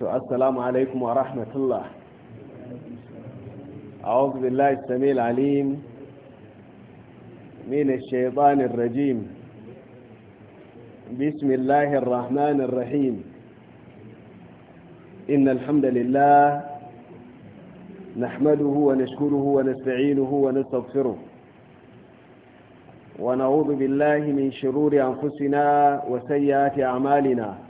to assalamu alaikum wa rahmatullah أعوذ بالله السميع العليم من الشيطان الرجيم بسم الله الرحمن الرحيم إن الحمد لله نحمده ونشكره ونستعينه ونستغفره ونعوذ بالله من شرور أنفسنا وسيئات أعمالنا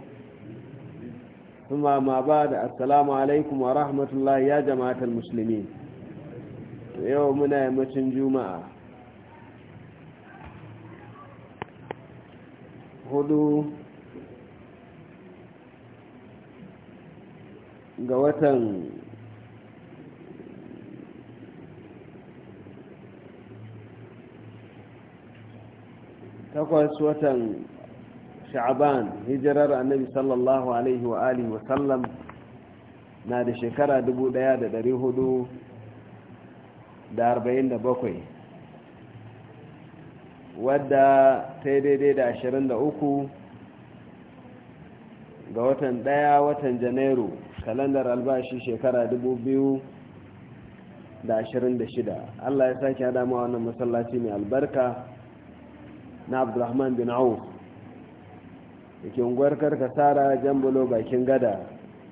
ثم ما بعد السلام عليكم ورحمة الله يا جماعة المسلمين يومنا يمتن جمعة hudu ga تقوى سوة sha'aban hijirar annabi sallallahu alaihi wa alihi wa sallam na da shekara 1447 wadda ta daidai da 23 ga watan daya watan janairu kalandar albashi shekara da da ashirin shida allah ya sake hada ma wannan masallaci mai albarka na abdulrahman bin auf da gwarkar kasara jan jambolo bakin gada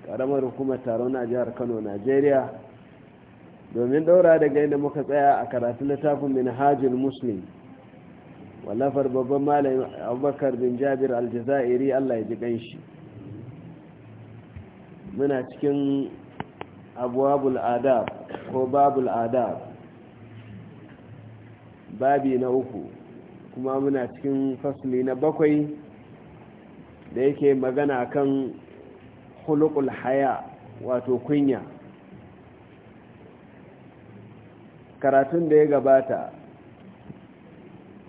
karamar hukumar taron a jihar kano Najeriya, domin daura daga inda muka tsaya a karatun littafin minhajul muslim wallafar babban malamin abubakar bin jabir aljazairi allah ya ji ganshi muna cikin abuwabul adab ko babul adab babi na uku kuma muna cikin fasli na bakwai da yake magana kan hulukul haya wato kunya karatun da ya gabata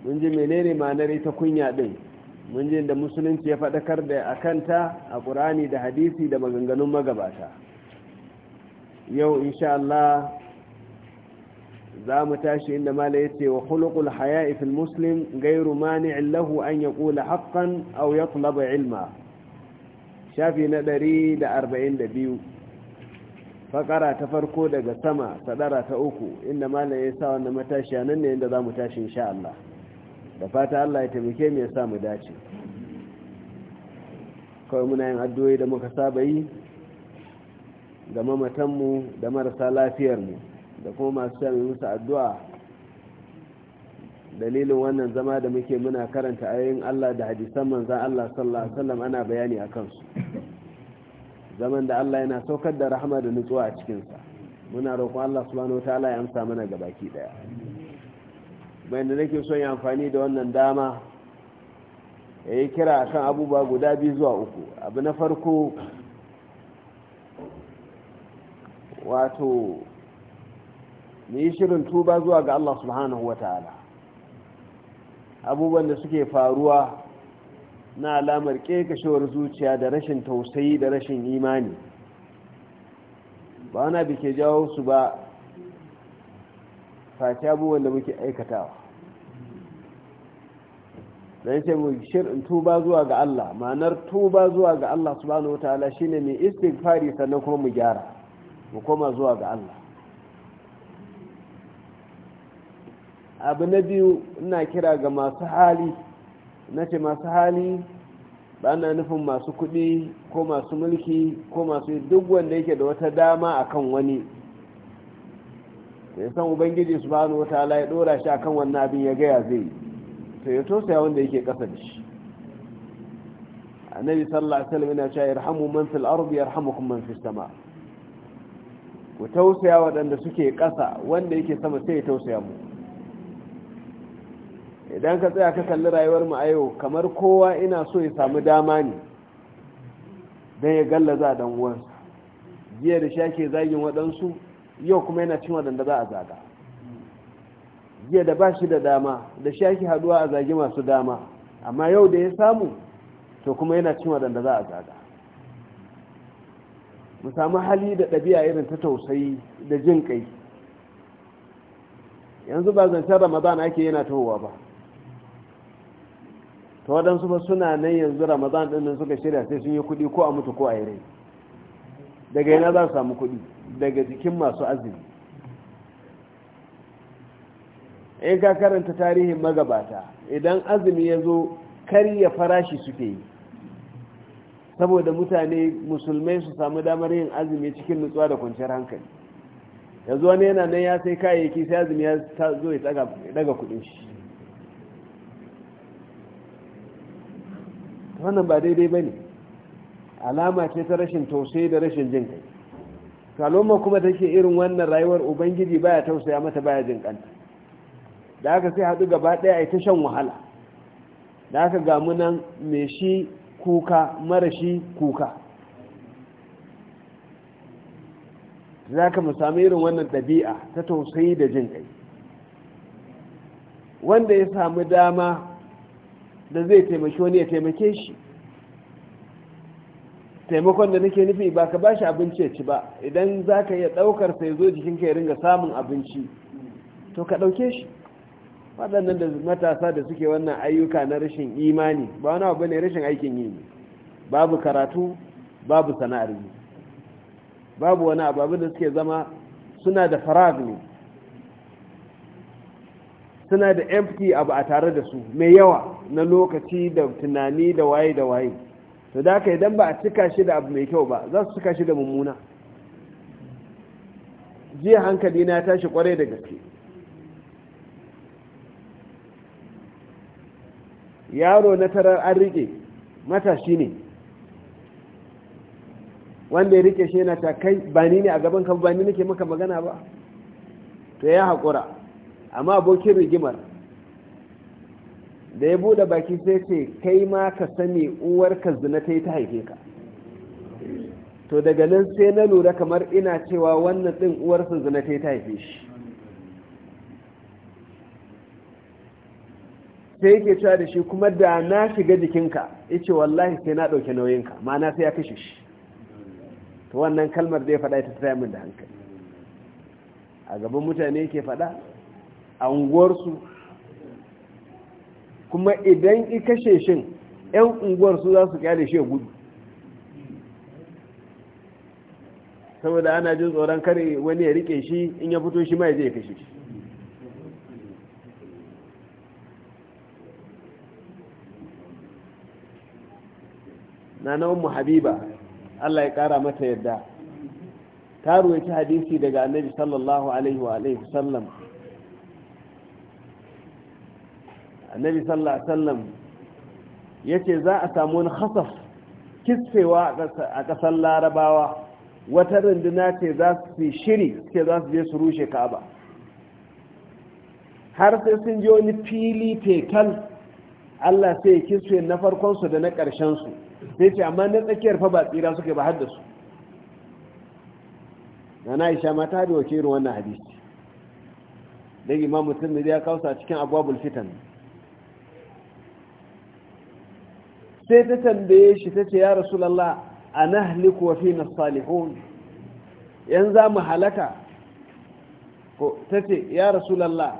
mun ji menene ma'anar ita kunya ɗin mun ji da musulunci ya faɗakar da a kanta a ƙurani da hadisi da maganganun magabata yau insha Allah za mu tashi inda mala ya ce wa khuluqul haya fil muslim ghayru mani'in lahu an yaqula haqqan aw yatlaba ilma shafi na 142 fakara ta farko daga sama sadara ta uku inda mala ya sa wannan matashi nan ne inda za mu tashi insha Allah da fata Allah ya taimake mu ya sa mu dace kawai muna yin addu'o'i da muka saba yi ga mamatanmu da marasa lafiyarmu da kuma masu sha mai musu addu'a dalilin wannan zama da muke muna karanta ayoyin Allah da hadisan manzan Allah sallallahu alaihi wasallam ana bayani a kansu zaman da Allah yana saukar da rahama da nutsuwa a cikinsa muna roƙon Allah subhanahu wataala ya amsa mana gabaki daya bayan da nake son yi amfani da wannan dama ya yi kira akan abubuwa guda biyu zuwa uku abu na farko wato mu yi shirin tuba zuwa ga Allah subhanahu wa ta'ala abubuwan da suke faruwa na alamar ƙekashewar zuciya da rashin tausayi da rashin imani ba wana bike jawo su ba face abubuwan da muke aikatawa da ce mu shirin tuba zuwa ga Allah ma'anar tuba zuwa ga Allah subhanahu wa ta'ala shi ne mai istighfari sannan kuma mu gyara mu koma zuwa ga Allah abu na biyu ina kira ga masu hali na ce masu hali ba na nufin masu kuɗi ko masu mulki ko masu duk wanda yake da wata dama akan wani sai san ubangiji wata wataala ya dora shi akan wannan abin ya gaya zai to ya tosa wanda yake kasa da shi annabi sallallahu alaihi wasallam yana cewa irhamu man fil ardi yarhamukum man fis sama ku tausaya waɗanda suke ƙasa wanda yake sama sai ya tausaya mu idan ka tsaya ka kalli rayuwar mu a yau kamar kowa ina so ya samu dama ne don ya gallaza dan uwansa jiya da shake zagin waɗansu yau kuma yana cin waɗanda za a zaga jiya da ba shi da dama da shake haduwa a zagi masu dama amma yau da ya samu to kuma yana cin waɗanda za a zaga mu samu hali da ɗabi'a irin ta tausayi da jin kai yanzu ba zancen ramadan ake yana tahowa ba to waɗansu ba suna nan yanzu ramadan ɗin nan suka shirya sai sun yi kuɗi ko a mutu ko a yi rai daga yana za su samu kuɗi daga jikin masu azumi in ka karanta tarihin magabata idan azumi ya zo karya farashi suke yi saboda mutane musulmai su samu damar yin azumi cikin nutsuwa da kwanciyar hankali yanzu wani yana nan ya sai kayayyaki sai azumi ya zo ya daga kuɗin shi wannan ba daidai ba ne alama ce ta rashin tausayi da rashin jin kai saloma kuma take irin wannan rayuwar ubangiji baya tausaya mata baya jin kanta da aka sai haɗu gaba ɗaya a ta shan wahala da aka gamu nan mai shi kuka mara shi kuka za ka mu sami irin wannan ɗabi'a ta tausayi da jin kai wanda ya samu dama da zai taimaki wani ya taimake shi taimakon da nake nufi ba ka bashi abinci ya ci ba idan za ka iya ɗaukar sai zo jikinka ya ringa samun abinci to ka ɗauke shi waɗannan da matasa da suke wannan ayyuka na rashin imani ba wani abu ne rashin aikin yi ne babu karatu babu sana'ar yi babu wani abu da suke zama suna da farag ne suna da empty abu a tare da su mai yawa na lokaci da tunani da waye da waye to da idan ba a cika shi da abu mai kyau ba za su cika shi da mummuna jiya hankali na tashi kwarai da gaske yaro na tarar an rike matashi ne wanda ya rike shi yana ta kai ba ni ne a gaban kan ba ni nake maka magana ba to ya haƙura amma abokin rigimar da ya bude baki sai ce kai ma ka sani uwarka zina ta yi ta haife ka to daga nan sai na lura kamar ina cewa wannan ɗin uwarsa zina ta yi ta haife shi sai yake cewa da shi kuma da na shiga jikinka ya ce wallahi sai na ɗauke nauyinka ma'ana sai ya kashe shi to wannan kalmar da ya faɗa ta tsaye min da hankali a gaban mutane yake faɗa A unguwarsu. kuma idan i kashe shin 'yan unguwarsu za su kyale shi gudu saboda ana jin tsoron kare wani ya rike shi in ya fito shi ma ya zai kashe shi na nawan mu habiba allah ya kara mata yadda ta ruwaci hadisi daga annabi sallallahu alaihi wa sallam annabi sallallahu alaihi wasallam yace za a samu wani khasaf kisfewa a kasar larabawa wata runduna ce za su shiri ce za su je su rushe ka'aba har sai sun je wani fili tekal Allah sai kisfe na farkonsu da na su, sai ce amma na tsakiyar fa ba tsira suke ba haddasu na na isha mata da wakilin wannan hadisi don imam mutum ya kawo a cikin abubuwan fitan sai ta tambaye shi ta ce ya rasulallah a nahliku wa fina salihun yan za mu halaka ta ce ya rasulallah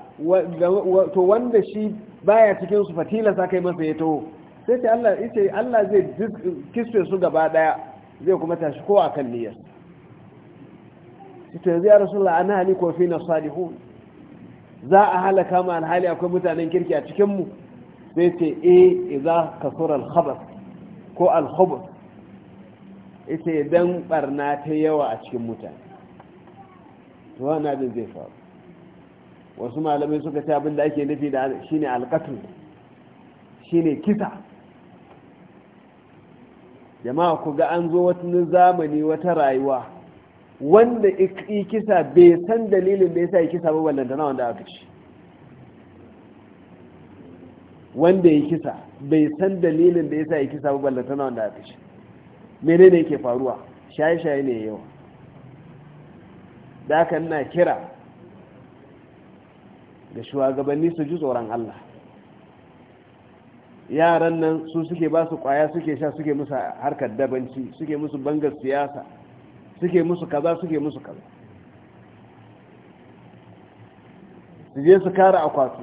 to wanda shi baya cikin su fatila sa kai masa ya taho sai ce Allah yace Allah zai kiswe su gaba daya zai kuma tashi ko kan niyyar ita yanzu ya na ana wa fi fina salihun za a halaka ma alhali akwai mutanen kirki a cikinmu? mu sai ce e iza kasura al ko al-khubuth ita idan barna ta yawa a cikin mutane to wani abin zai faru wasu malamai suka ce abin da ake nufi da shine shi shine kisa jama'a ku ga an zo wata zamani wata rayuwa wanda ikisa bai san dalilin da yasa kisa ba na wanda aka ci wanda ya kisa bai san dalilin da ya sa ya kisa ba ballata na wanda ya kashe menene yake faruwa shaye-shaye ne yawa da aka nuna kira ga shugabanni su ji tsoron Allah yaran nan su suke ba su kwaya suke sha suke musu harkar dabanci suke musu bangar siyasa suke musu kaza suke musu kaza su je su kara akwatu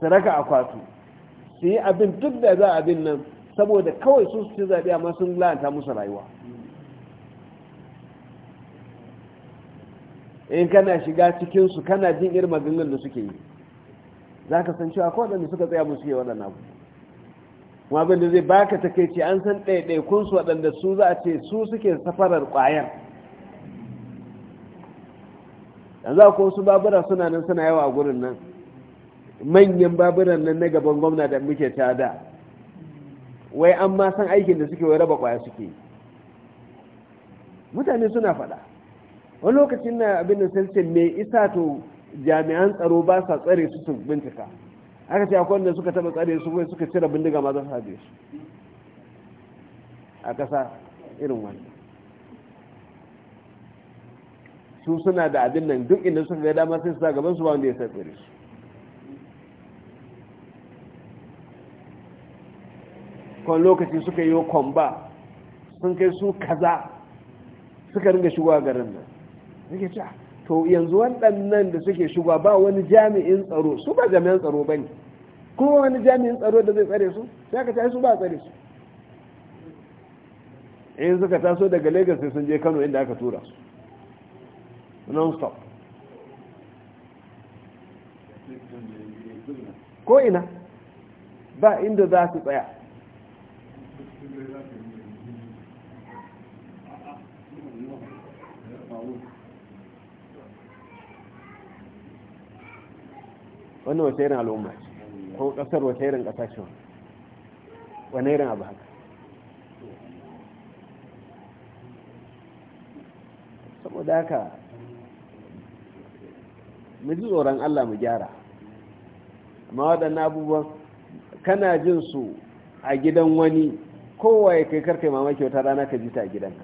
su raka akwatu su yi abin duk da za abin nan saboda kawai su su zaɓe amma sun la'anta musu rayuwa in kana shiga cikinsu kana jin irin maganganun da suke yi za ka san cewa kowaɗanda suka tsaya musu yi waɗanda abu kuma abin da zai baka takaici an san ɗaiɗaikunsu waɗanda su za a ce su suke safarar ƙwayar yanzu akwai wasu babura suna nan suna yawa a gurin nan manyan baburan nan na gaban gwamna da muke tada wai an ma san aikin da suke wai raba kwaya suke mutane suna faɗa wani lokacin na abin da sai mai isa to jami'an tsaro ba sa tsare su su bincika aka ce akwai wanda suka taba tsare su wai suka cire bindiga ma za su haɗe su a ƙasa irin wani su suna da abin nan duk inda suka ga dama sai su sa gaban su ba wanda ya sa tsare su kwan lokaci suka yi kwamba sun kai su kaza suka ringa shigowa garin nan suke ce to yanzu waɗannan da suke shigowa ba wani jami'in tsaro su ba jami'an tsaro ba ne kuma wani jami'in tsaro da zai tsare su sai ka tashi su ba tsare su in suka taso daga lagos sun je kano inda aka tura su non-stop ko ina ba inda za su tsaya Wani wata irin al'umma ce ko kasar wata irin kasa ce wani irin abu haka saboda haka miji ji tsoron Allah mu gyara amma waɗannan abubuwan kana jin su a gidan wani kowaye kai karkai mamaki wata rana ka ji ta a gidanka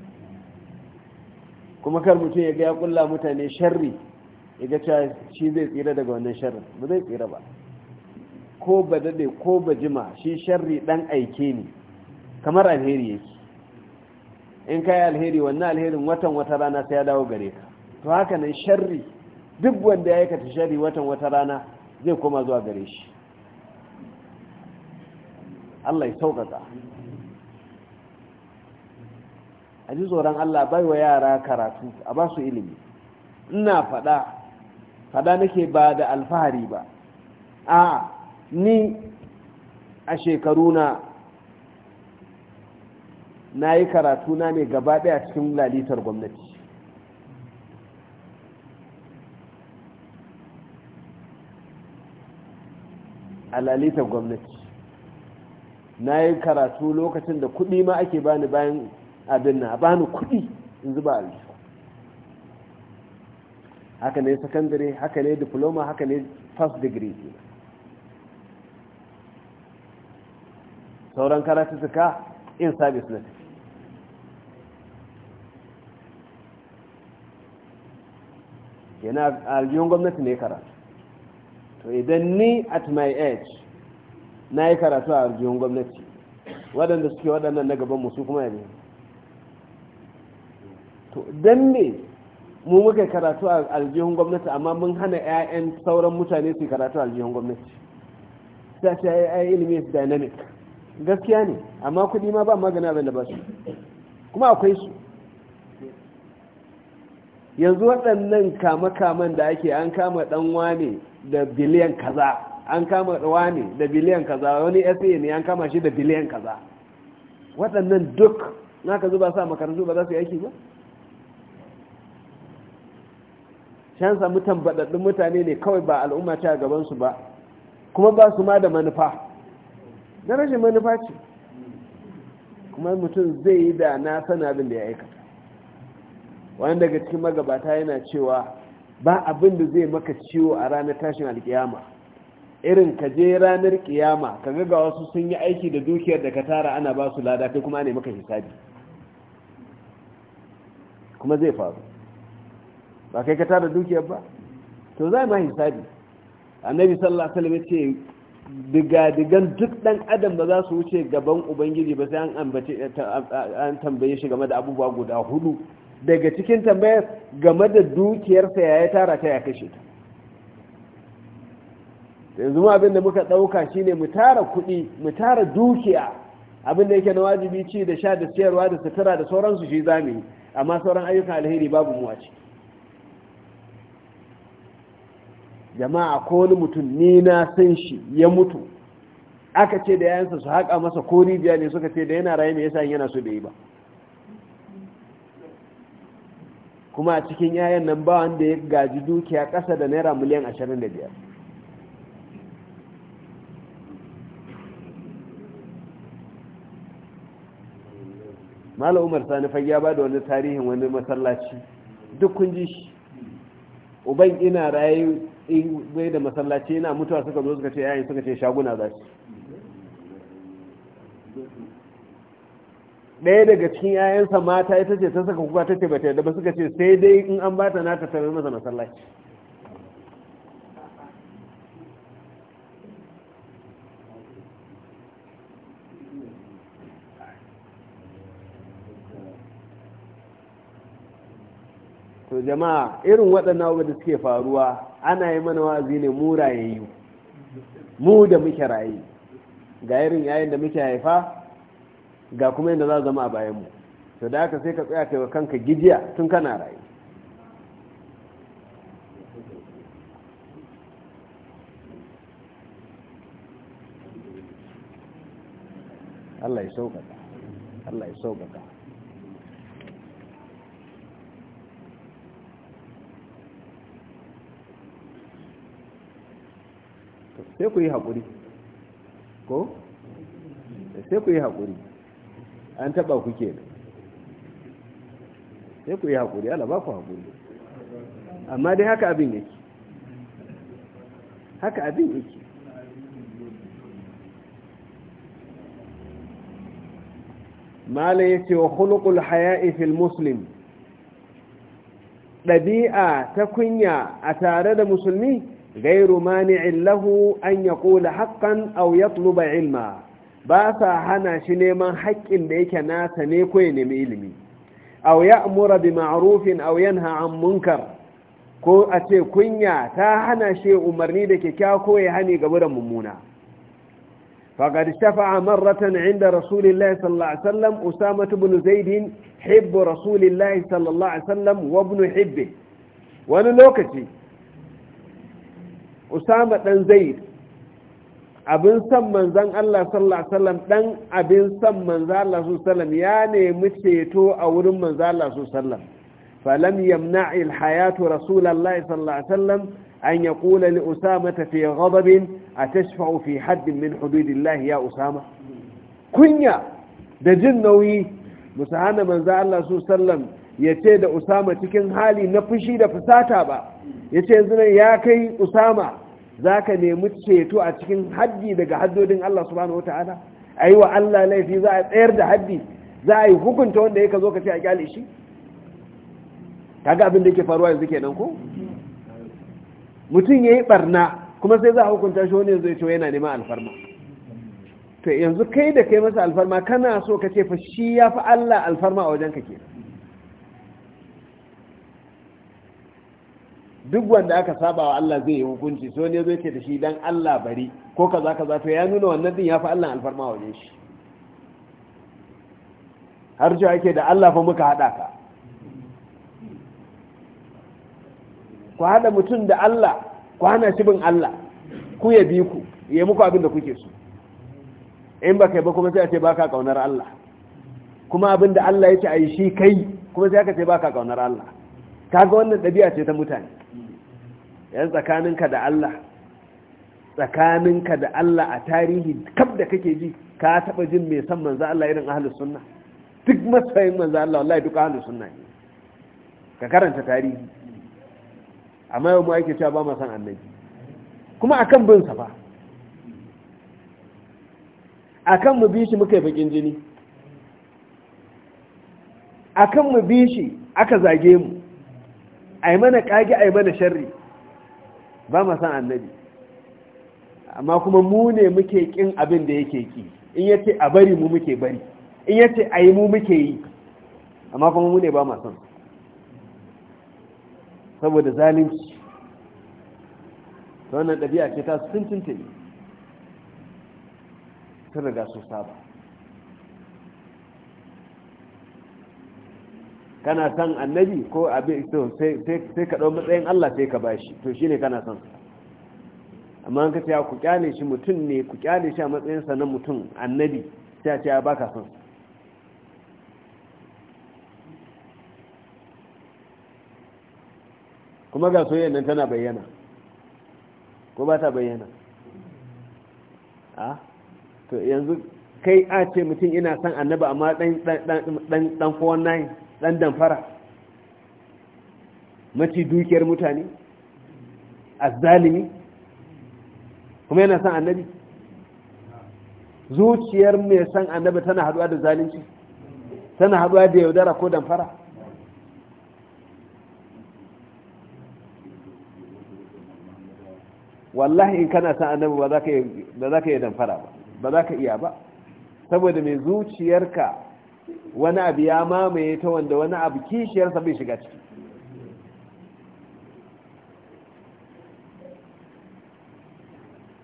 kuma kar mutum ya ga ya kulla mutane sharri ya ga cewa shi zai tsira daga wannan sharrin ba zai tsira ba ko ba dade ko ba jima shi sharri dan aike ne kamar alheri yake in ka yi alheri wannan alherin watan wata rana sai ya dawo gare ka to haka nan sharri duk wanda ya aikata sharri watan wata rana zai koma zuwa gare shi Allah ya sauƙaƙa a ji tsoron Allah bai wa yara karatu a ba su ilimi ina faɗa faɗa nake ba da alfahari ba a ni a shekaru na na yi karatu na mai gaba ɗaya cikin lalitar gwamnati a lalitar gwamnati na yi karatu lokacin da kuɗi ma ake bani bayan abin na bani kuɗi in zuba aljihu haka ne secondary haka ne diploma haka ne first degree sauran karatu suka in service na tafi yana aljihun gwamnati ne karatu to idan ni at my age na yi karatu a aljihun gwamnati waɗanda suke waɗannan na gaban musu kuma yanzu to dan ne mu muka karatu a aljihun gwamnati amma mun hana 'ya'yan sauran mutane su karatu a aljihun gwamnati ta ce yi ilimi su dynamic gaskiya ne amma kuɗi ma ba magana abin da ba su kuma akwai su yanzu waɗannan kama-kaman da ake an kama ɗan wane da biliyan kaza an kama wane da biliyan kaza wani sa ne an kama shi da biliyan kaza waɗannan duk na ka zuba sa makarantu ba za su yi aiki ba shan samu tambadaddun mutane ne kawai ba al'umma ta gabansu ba kuma ba su ma da manufa Na rashin manufa ce kuma mutum zai yi da na sana abin da ya aikata wani daga cikin magabata yana cewa ba abin da zai maka ciwo a ranar tashin alkiyama irin ka je ranar kiyama ka ga wasu sun yi aiki da dukiyar da ka tara ana ba su lada kai kuma ne maka hisabi kuma zai faru ba kai ka tara dukiyar ba to za ma hisabi annabi sallallahu alaihi wasallam ce diga-digan duk dan adam ba za su wuce gaban ubangiji ba sai an ambace an tambaye shi game da abubuwa guda hudu daga cikin tambayar game da dukiyarsa ya ya tara ta ya kashe ta yanzu ma abin da muka dauka shine mu tara kuɗi mu tara dukiya abin da yake na wajibi ci da sha da siyarwa da sutura da sauransu shi zamu yi amma sauran ayyukan alheri babu mu a ciki jama'a ko wani mutum ni na san shi ya mutu aka ce da yayansa su haƙa masa ko rijiya ne suka ce da yana raye me yasa yana so da yi ba kuma a cikin yayan nan ba wanda ya gaji dukiya ƙasa da naira miliyan 25 mala umar Sani Fai ya ba da wani tarihin wani masallaci duk kun ji shi uban ina raye in bai da masallaci yana mutuwa suka zo suka ce yayin suka ce shaguna za su ɗaya daga cikin yayansa mata ita ce ta saka kuka ta ce ba ta yadda ba suka ce sai dai in an ta na ta tarar masa masallaci to jama'a irin waɗannan abubuwa da suke faruwa ana yi mana wazi ne mu rayayyu mu da muke rayu ga irin yayin da muke haifa ga kuma yadda za zama a mu to da haka sai ka tsaya kai wa kanka gijiya tun kana rayu Allah ya sauƙaƙa Allah ya sauƙaƙa sai ku yi haƙuri ko sai ku yi haƙuri an taɓa ku ke sai ku yi haƙuri ala ba ku haƙuri amma dai haka abin yake haka abin yake malai ya ce wa hulukul haya fil muslim ɗabi'a ta kunya a tare da musulmi gairu mani'in lahu an ya kula haƙƙan au ya tuluba ilma ba sa hana shi neman haƙƙin da yake nasa ne ko ya nemi ilimi au ya amura bi ma'arufin au yanha an munkar ko a kunya ta hana shi umarni da kyakkyawa ko ya hani ga da mummuna فقد شفع مرة عند رسول الله صلى الله عليه وسلم أسامة بن زيد حب رسول الله صلى الله عليه وسلم wani lokaci usama ɗan zaid abin san manzan Allah sallallahu alaihi wasallam abin san manzan Allah sallallahu alaihi wasallam ya nemi ceto a wurin manzan Allah sallallahu alaihi wasallam falam yamna'i alhayatu rasulullahi sallallahu alaihi an yaqula li usama fi ghadab atashfa'u fi hadd min hududillah ya usama kunya da jin nauyi musa hana manza Allah sallallahu alaihi wasallam yace da usama cikin hali na fushi da fusata ba yace yanzu ya kai usama za ka nemi ceto a cikin haddi daga haddodin Allah subhanahu ta'ala a yi wa Allah laifi za a tsayar da haddi za a yi hukunta wanda ya ka zo ka ce a kyale shi Ta ga abin da yake faruwa yanzu kenan ko mutum ya yi barna kuma sai za a hukunta shi wani yanzu ya ce yana neman alfarma to yanzu kai da kai masa alfarma kana so ka ce fa shi ya fi Allah alfarma a wajen ka kenan duk wanda aka saba wa Allah zai yi hukunci so ne zai ce da shi dan Allah bari ko kaza kaza to ya nuna wannan din ya fi Allah alfarma waje shi har ji ake da Allah fa muka hada ka ku hada mutum da Allah ku hana shi bin Allah ku ya bi ku ya muku abin da kuke so in ba kai ba kuma sai a ce baka kaunar Allah kuma abin da Allah ya ce a yi shi kai kuma sai aka ce baka kaunar Allah kaga wannan ɗabi'a ce ta mutane yan tsakaninka da Allah tsakaninka da Allah a tarihi kaf da kake ji ka taba jin mai san manzo Allah irin ahli sunna duk masayin manzo Allah wallahi duk ahli sunna ne ka karanta tarihi amma yau mu ake cewa ba mu san annabi kuma akan bin sa fa akan mu bi shi muka yi bakin jini akan mu bi shi aka zage mu ai mana kage ai mana sharri ba ma san annabi amma kuma mu ne muke kin abin da yake ki in yace a bari mu muke bari in yace ayi mu muke yi amma kuma mu ne ba ma san saboda zalunci ta wannan ɗabi'a ce ta sun tuntuni sun riga su saba kana san annabi ko abin to sai ka ɗau matsayin Allah sai ka bashi to shine kana san amma an ya ku kyale shi mutum ne ku kyale shi a matsayin sa na mutum annabi sai a ce ya baka san kuma ga soyayya nan tana bayyana ko ba ta bayyana to yanzu kai a ce mutum ina san annaba amma dan dan dan dan ɗan damfara maci dukiyar mutane zalimi kuma yana son annabi zuciyar mai son annabi tana haduwa da zalunci tana haduwa da yaudara ko damfara wallahi in kana son annabi ba za ka yi damfara ba ba za ka iya ba saboda mai zuciyarka wani abu ya mamaye ta wanda wani abu kishiyarsa bai shiga ciki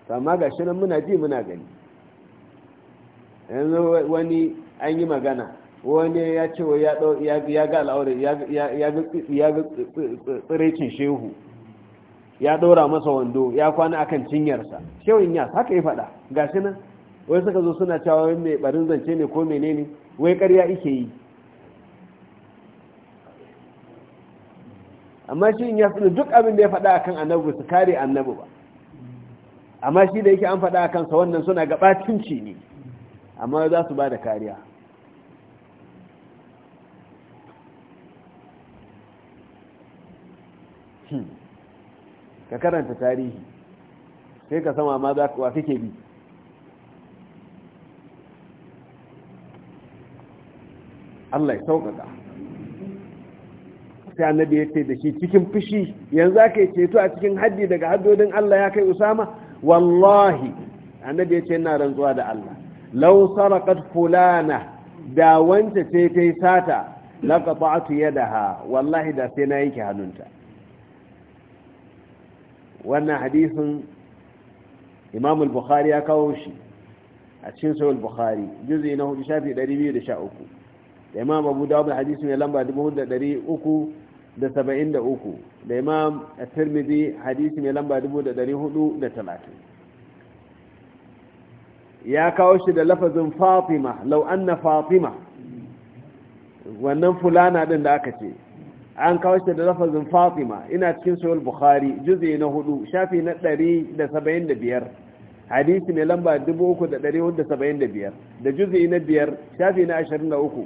amma ga shi nan muna ji muna gani yanzu wani an yi magana wani ya ce wa ya ga al'aure ya ga tsiraicin shehu ya ɗora masa wando ya kwana akan cinyarsa shehun ya haka yi faɗa ga shi nan wai suka zo suna cewa mai barin zance ne ko menene wai ƙarya ike yi amma shi in ya suna duk abin da ya faɗa akan annabu su kare annabu ba amma shi da yake an faɗa akan sa wannan suna gabatunci ne amma za su ba da kariya hmm. ka karanta tarihi sai ka sama ma za ka wa kake bi Allah ya sauƙaƙa sai annabi ya ce da shi cikin fushi yanzu aka yi ceto a cikin haddi daga haddodin Allah ya kai Usama wallahi annabi ya ce yana rantsuwa da Allah law sarqat fulana da wanta ce ta yi sata la da yadaha wallahi da sai na yanke hannunta wannan hadisin Imam al-Bukhari ya kawo shi a cikin Sahih al-Bukhari juz'i na da shafi uku. da imam abu dawud hadisi mai lamba 373 da imam tirmidhi hadisi mai lamba 430 ya kawo shi da lafazin fatima law anna fatima wannan fulana din da aka ce an kawo shi da lafazin fatima ina cikin sahih bukhari juz'i na 4 shafi na 175 hadisi mai lamba 3475 da juz'i na 5 shafi na 23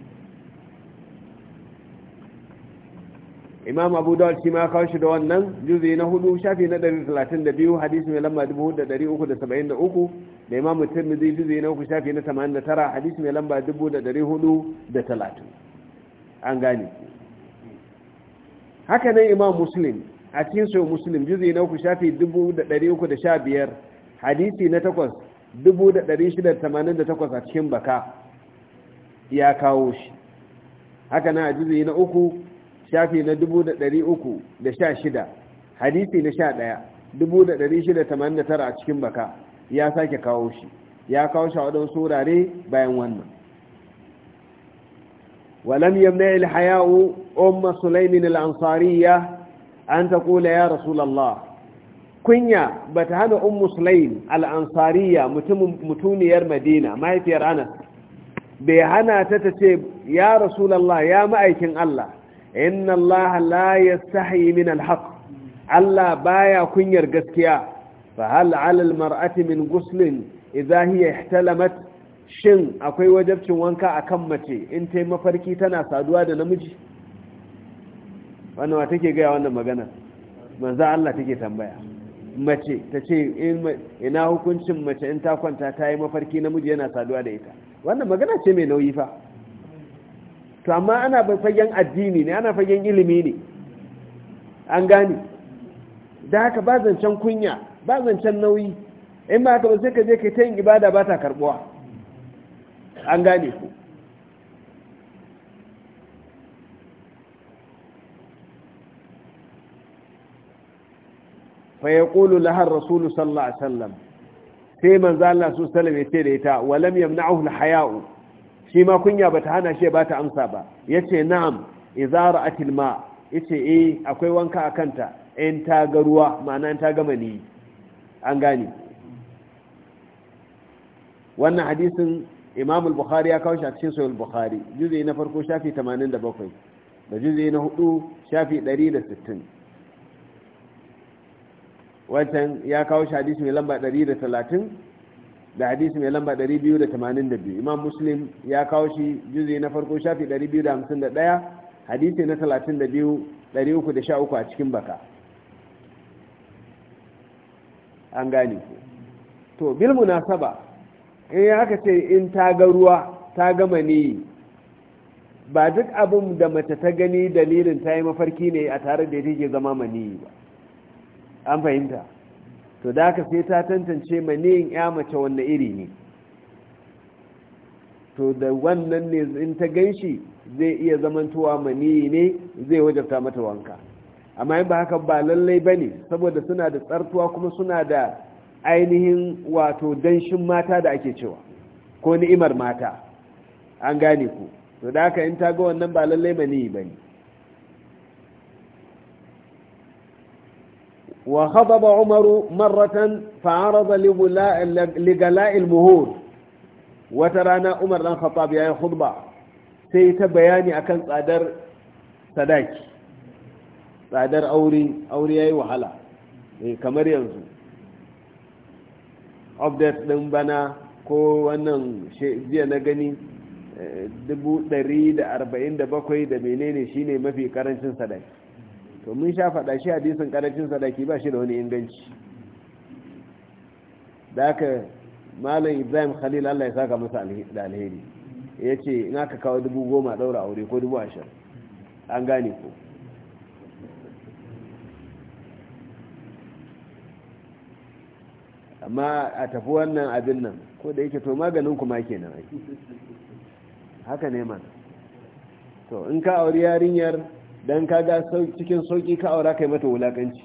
imam abu dawud shi ma kawo shi da wannan juzi na hudu shafi na 132 hadisi mai lamba 4373 da imam tirmidhi juzi na uku shafi na 89 hadisi mai lamba talatin. an gane haka nan imam muslim a cikin sayo muslim juzi na uku shafi 315 hadisi na da takwas a cikin baka ya kawo shi haka nan a juzi na uku shafi na 316 hadisi na 11 689 a cikin baka ya sake kawo shi ya kawo shi a wadon saurare bayan wannan walam yamna ilhaya'u umma sulaimin al'ansariya an ta ya rasulallah kunya bata ta hana umma Al-Ansariya, mutumiyar madina mahaifiyar anas bai hana ta ta ce ya rasulallah ya ma'aikin allah inna allaha la yastahi min alhaq Allah baya kunyar gaskiya fa hal alal almar'ati min ghuslin idha hiya ihtalamat shin akwai wajabcin wanka akan mace in tayi mafarki tana saduwa da namiji wannan wa take ga wannan magana manzo Allah take tambaya mace ta ce ina hukuncin mace in ta kwanta tayi mafarki namiji yana saduwa da ita wannan magana ce mai nauyi fa to amma ana fagen addini ne ana fagen ilimi ne an gane da haka ba zancen kunya ba zancen nauyi in ba haka ba sai ka je ka ta yin ibada ba ta karbuwa an gane ku fa ya ƙulu lahar rasulu sallallahu ala'asallam sai manzana su salame ce da ita walam yamna'uhu na hayau shi ma kunya bata hana shi ba ta amsa ba Ya ce na'am izara atilma Ya ce eh akwai wanka a kanta in ta ga ruwa ma'ana in ta gama ni an gane wannan hadisin Imam al-Bukhari ya kawo shi a cikin Sahih al-Bukhari juz'i na farko shafi 87 da juz'i na hudu shafi 160 wancan ya kawo shi hadisi mai lamba 130 da hadisi mai lamba 282 imam muslim ya kawo shi juzi na farko shafi 251 hadisi na 32 313 a cikin baka an gane ku to na saba. in aka ce in ta ga ruwa ta gama ne ba duk abin da mace ta gani dalilin ta yi mafarki ne a tare da ya zama maniyi ba an fahimta to da ka sai ta tantance ma maniyin ya mace wanne iri ne to da wannan ne in ta ganshi zai iya zamantowa maniyi ne zai wajabta mata wanka amma in ba haka ba lallai ba ne saboda suna da tsartuwa kuma suna da ainihin wato danshin mata da ake cewa ko ni'imar mata an gane ku to da haka in ta ga wannan ba lallai ma maniyi ba ne وخضب عمر مرة فعرض لقلاء المهور وترانا عمر لن خطاب يعني خطبة سيت بياني أكن قادر صداك قادر أوري أوري أي وحلا kamar yanzu update ɗin bana ko wannan jiya na gani 147 da menene shine mafi karancin sadaki to mun sha faɗa shi hadisin ƙarancin sadaki ba shi da wani inganci da aka malam ibrahim khalil allah ya saka masa da alheri ya ce in aka kawo dubu goma ɗaura aure ko dubu ashirin an gane ko amma a tafi wannan abin nan ko da yake to maganin kuma kenan aiki haka ne mana to in ka auri yarinyar don kaga cikin sauki ka aura kai mata wulakanci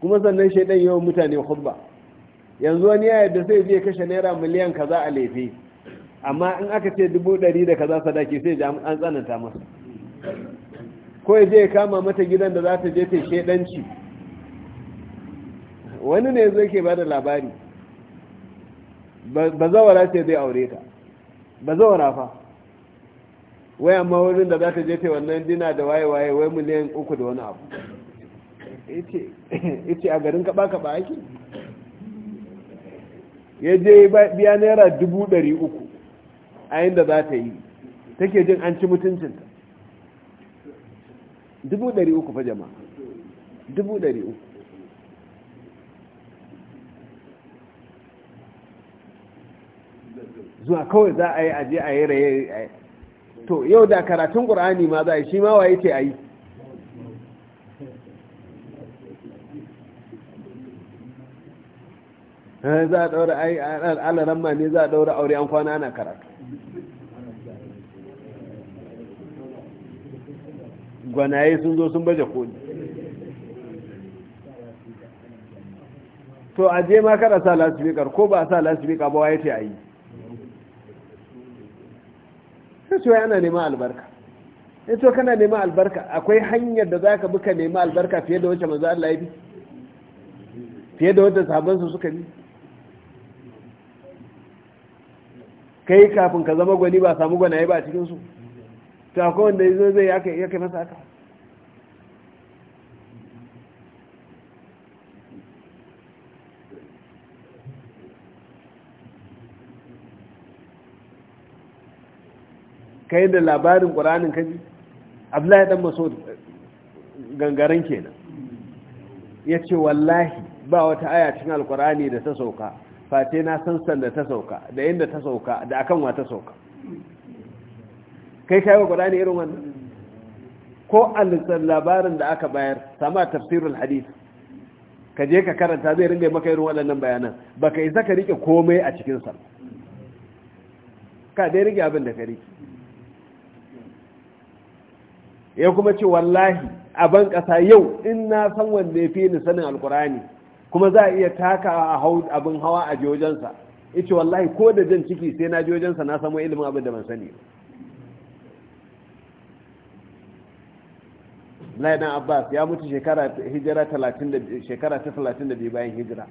kuma sannan shaidan yawan mutane hubba yanzu wani ya yadda sai je kashe naira miliyan kaza a laifi amma in aka ce dubu ɗari da kaza sadaki sai ji an tsananta masa ko ya je kama mata gidan da za ta je ta shaidanci wani ne zai ke ba labari ba zawara ce zai aure ta ba zawara fa wai amma wurin da za ta je ta wannan dina da waye-waye wai miliyan uku da wani abu ita a garin kaba-kaba ake ya je biya naira dubu ɗari uku a yin da za ta yi take jin an ci mutuncinta dubu ɗari uku fa jama'a dubu ɗari uku zuwa kawai za a yi aje a yi raye to yau da karatun ƙur'ani ma za a yi shi ma waye ce a yi eh, za a ɗaura alaran ma ne za a ɗaura aure an kwana ana karatu gwanaye sun zo sun baje koli to a je ma kada sa lasifika ko ba sa lasifika ba waye ce a yi sai cewa yana neman albarka in to kana neman albarka akwai hanyar da za ka buka neman albarka fiye da wacce maza Allah ya bi fiye da wacce sabon su suka bi kai kafin ka zama gwani ba samu gwanaye ba cikin su to akwai wanda zai yaka kai masa haka ka da labarin ƙuranin ka ji abdullahi dan maso gangaren kenan ya ce wallahi ba wata aya cikin alƙurani da ta sauka fate na san da ta sauka da inda ta sauka da akan wa ta sauka kai kai wa ƙurani irin wannan ko alisar labarin da aka bayar sama tafsirul hadith ka je ka karanta zai ringa maka irin waɗannan bayanan baka isa ka rike komai a cikin sa ka dai rike abin da ka rike ya kuma ce wallahi a ban ƙasa yau in na san wanda ya fi ni sanin alkur'ani kuma za a iya taka a hau abin hawa a jojensa ya ce wallahi ko da jan ciki sai na jojensa na samu ilimin abin da ban sani Lai dan Abbas ya mutu shekara hijira talatin da shekara ta talatin biyu bayan hijira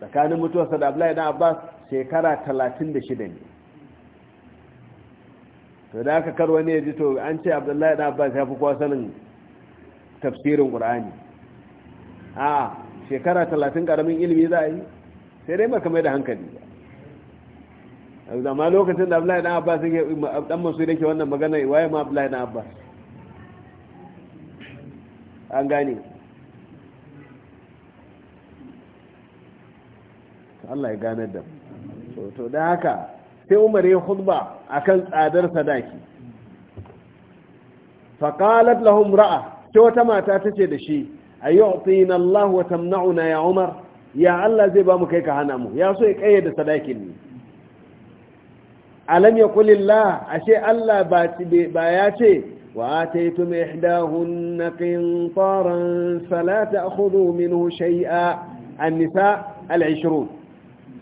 tsakanin mutuwarsa da Abdullahi dan Abbas shekara talatin da shida ne to da aka karwa ne ya ji to an ce abdullahi da abbas ya fi kuwa sanin tafsirin ƙur'ani a shekara talatin ƙaramin ilimi za a yi sai dai baka mai da hankali ba amma lokacin da abdullahi da abbas yake dan masu da ke wannan magana waye ma abdullahi da abbas an gane Allah ya ganar da mu to da haka sai umar ya khutba akan tsadar sadaki faqalat lahum ra'a sai wata mata tace da shi ayyu'tina Allah wa tamna'una ya umar ya Allah zai ba mu kai ka hana mu ya so ya kayyade sadakin ne alam yaqulillah ashe Allah ba ba ya ce وآتيتم faran salata فلا تأخذوا منه شيئا النساء العشرون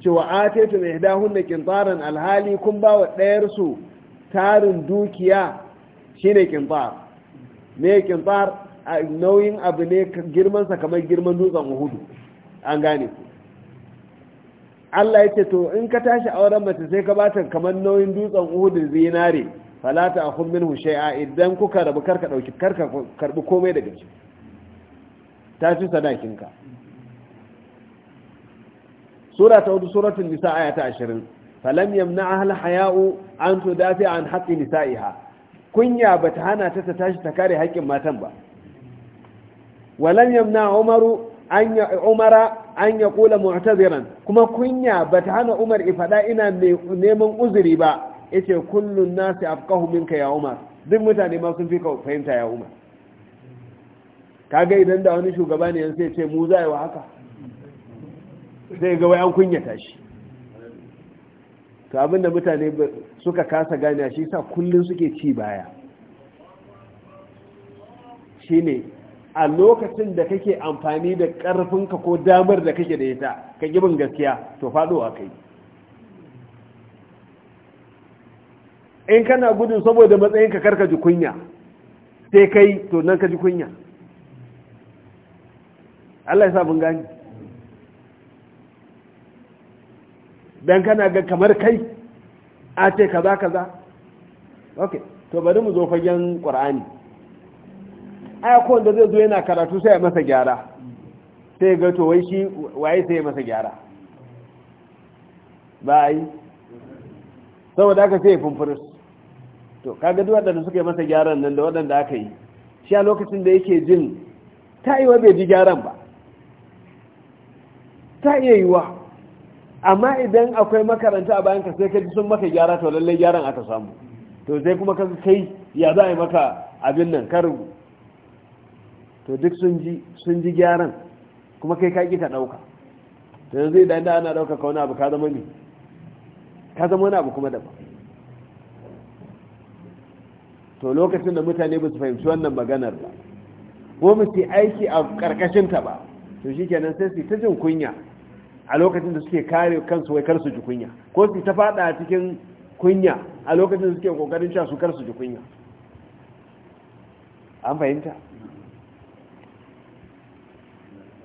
cewa ataitu mai hunna kintaran alhali kun ba wa ɗayarsu tarin dukiya shine kintar me kintar nauyin abu ne girmansa kamar girman dutsen uhudu an gane ku Allah ya ce to in ka tashi auren mace sai ka bata kamar nauyin dutsen uhudu zinare falata a hushe, a idan kuka rabu karka ɗauki karka karbi komai daga ciki ta ci sadakinka sura ta hudu suratul nisa aya ta ashirin. falam yamna'aha al-haya'u an tudafi an haqqi nisa'iha kunya bata hana ta ta tashi ta kare haƙƙin matan ba walam yamna umaru an ya umara an ya kula mu'taziran kuma kunya bata hana umar ifada ina neman uzuri ba yace kullun nasi afqahu minka ya umar duk mutane ma sun fi ka fahimta ya umar kaga idan da wani shugaba ne ya ce mu za yi wa haka sai ga wayan an kunyata shi to abinda mutane suka kasa gane shi sa kullun suke ci baya shine a lokacin da kake amfani da karfinka ko damar da kake da ita ka gibin gaskiya to faɗowa kai in kana gudun saboda matsayinka karka ji kunya sai kai to nan ka ji kunya Allah ya sa mun gani don kana ga kamar kai a ce kaza kaza ok to bari mu zo fagen ƙwar'ani aya wanda zai zo yana karatu sai ya masa gyara sai ga to wai shi waye sai ya masa gyara ba a yi saboda aka sai ya fumfuris to kaga duk waɗanda suka yi masa gyaran nan da waɗanda aka yi shi a lokacin da yake jin ta yi wa bai ji gyaran ba ta iya yi wa amma idan akwai makaranta a bayan ka sai ka ji sun maka gyara to lallai gyaran aka samu to sai kuma ka kai ya za a yi maka abin nan ka to duk sun ji sun ji gyaran kuma kai ka ki ka dauka to yanzu idan da ana dauka kauna abu ka zama ne ka zama wani abu kuma daban to lokacin da mutane ba su fahimci wannan maganar ba ko mu aiki a karkashin ta ba to shikenan sai su ta jin kunya a lokacin da suke kare kansu wai kar su ji kunya ko su ta fada cikin kunya a lokacin da suke kokarin cewa su kar ji kunya an fahimta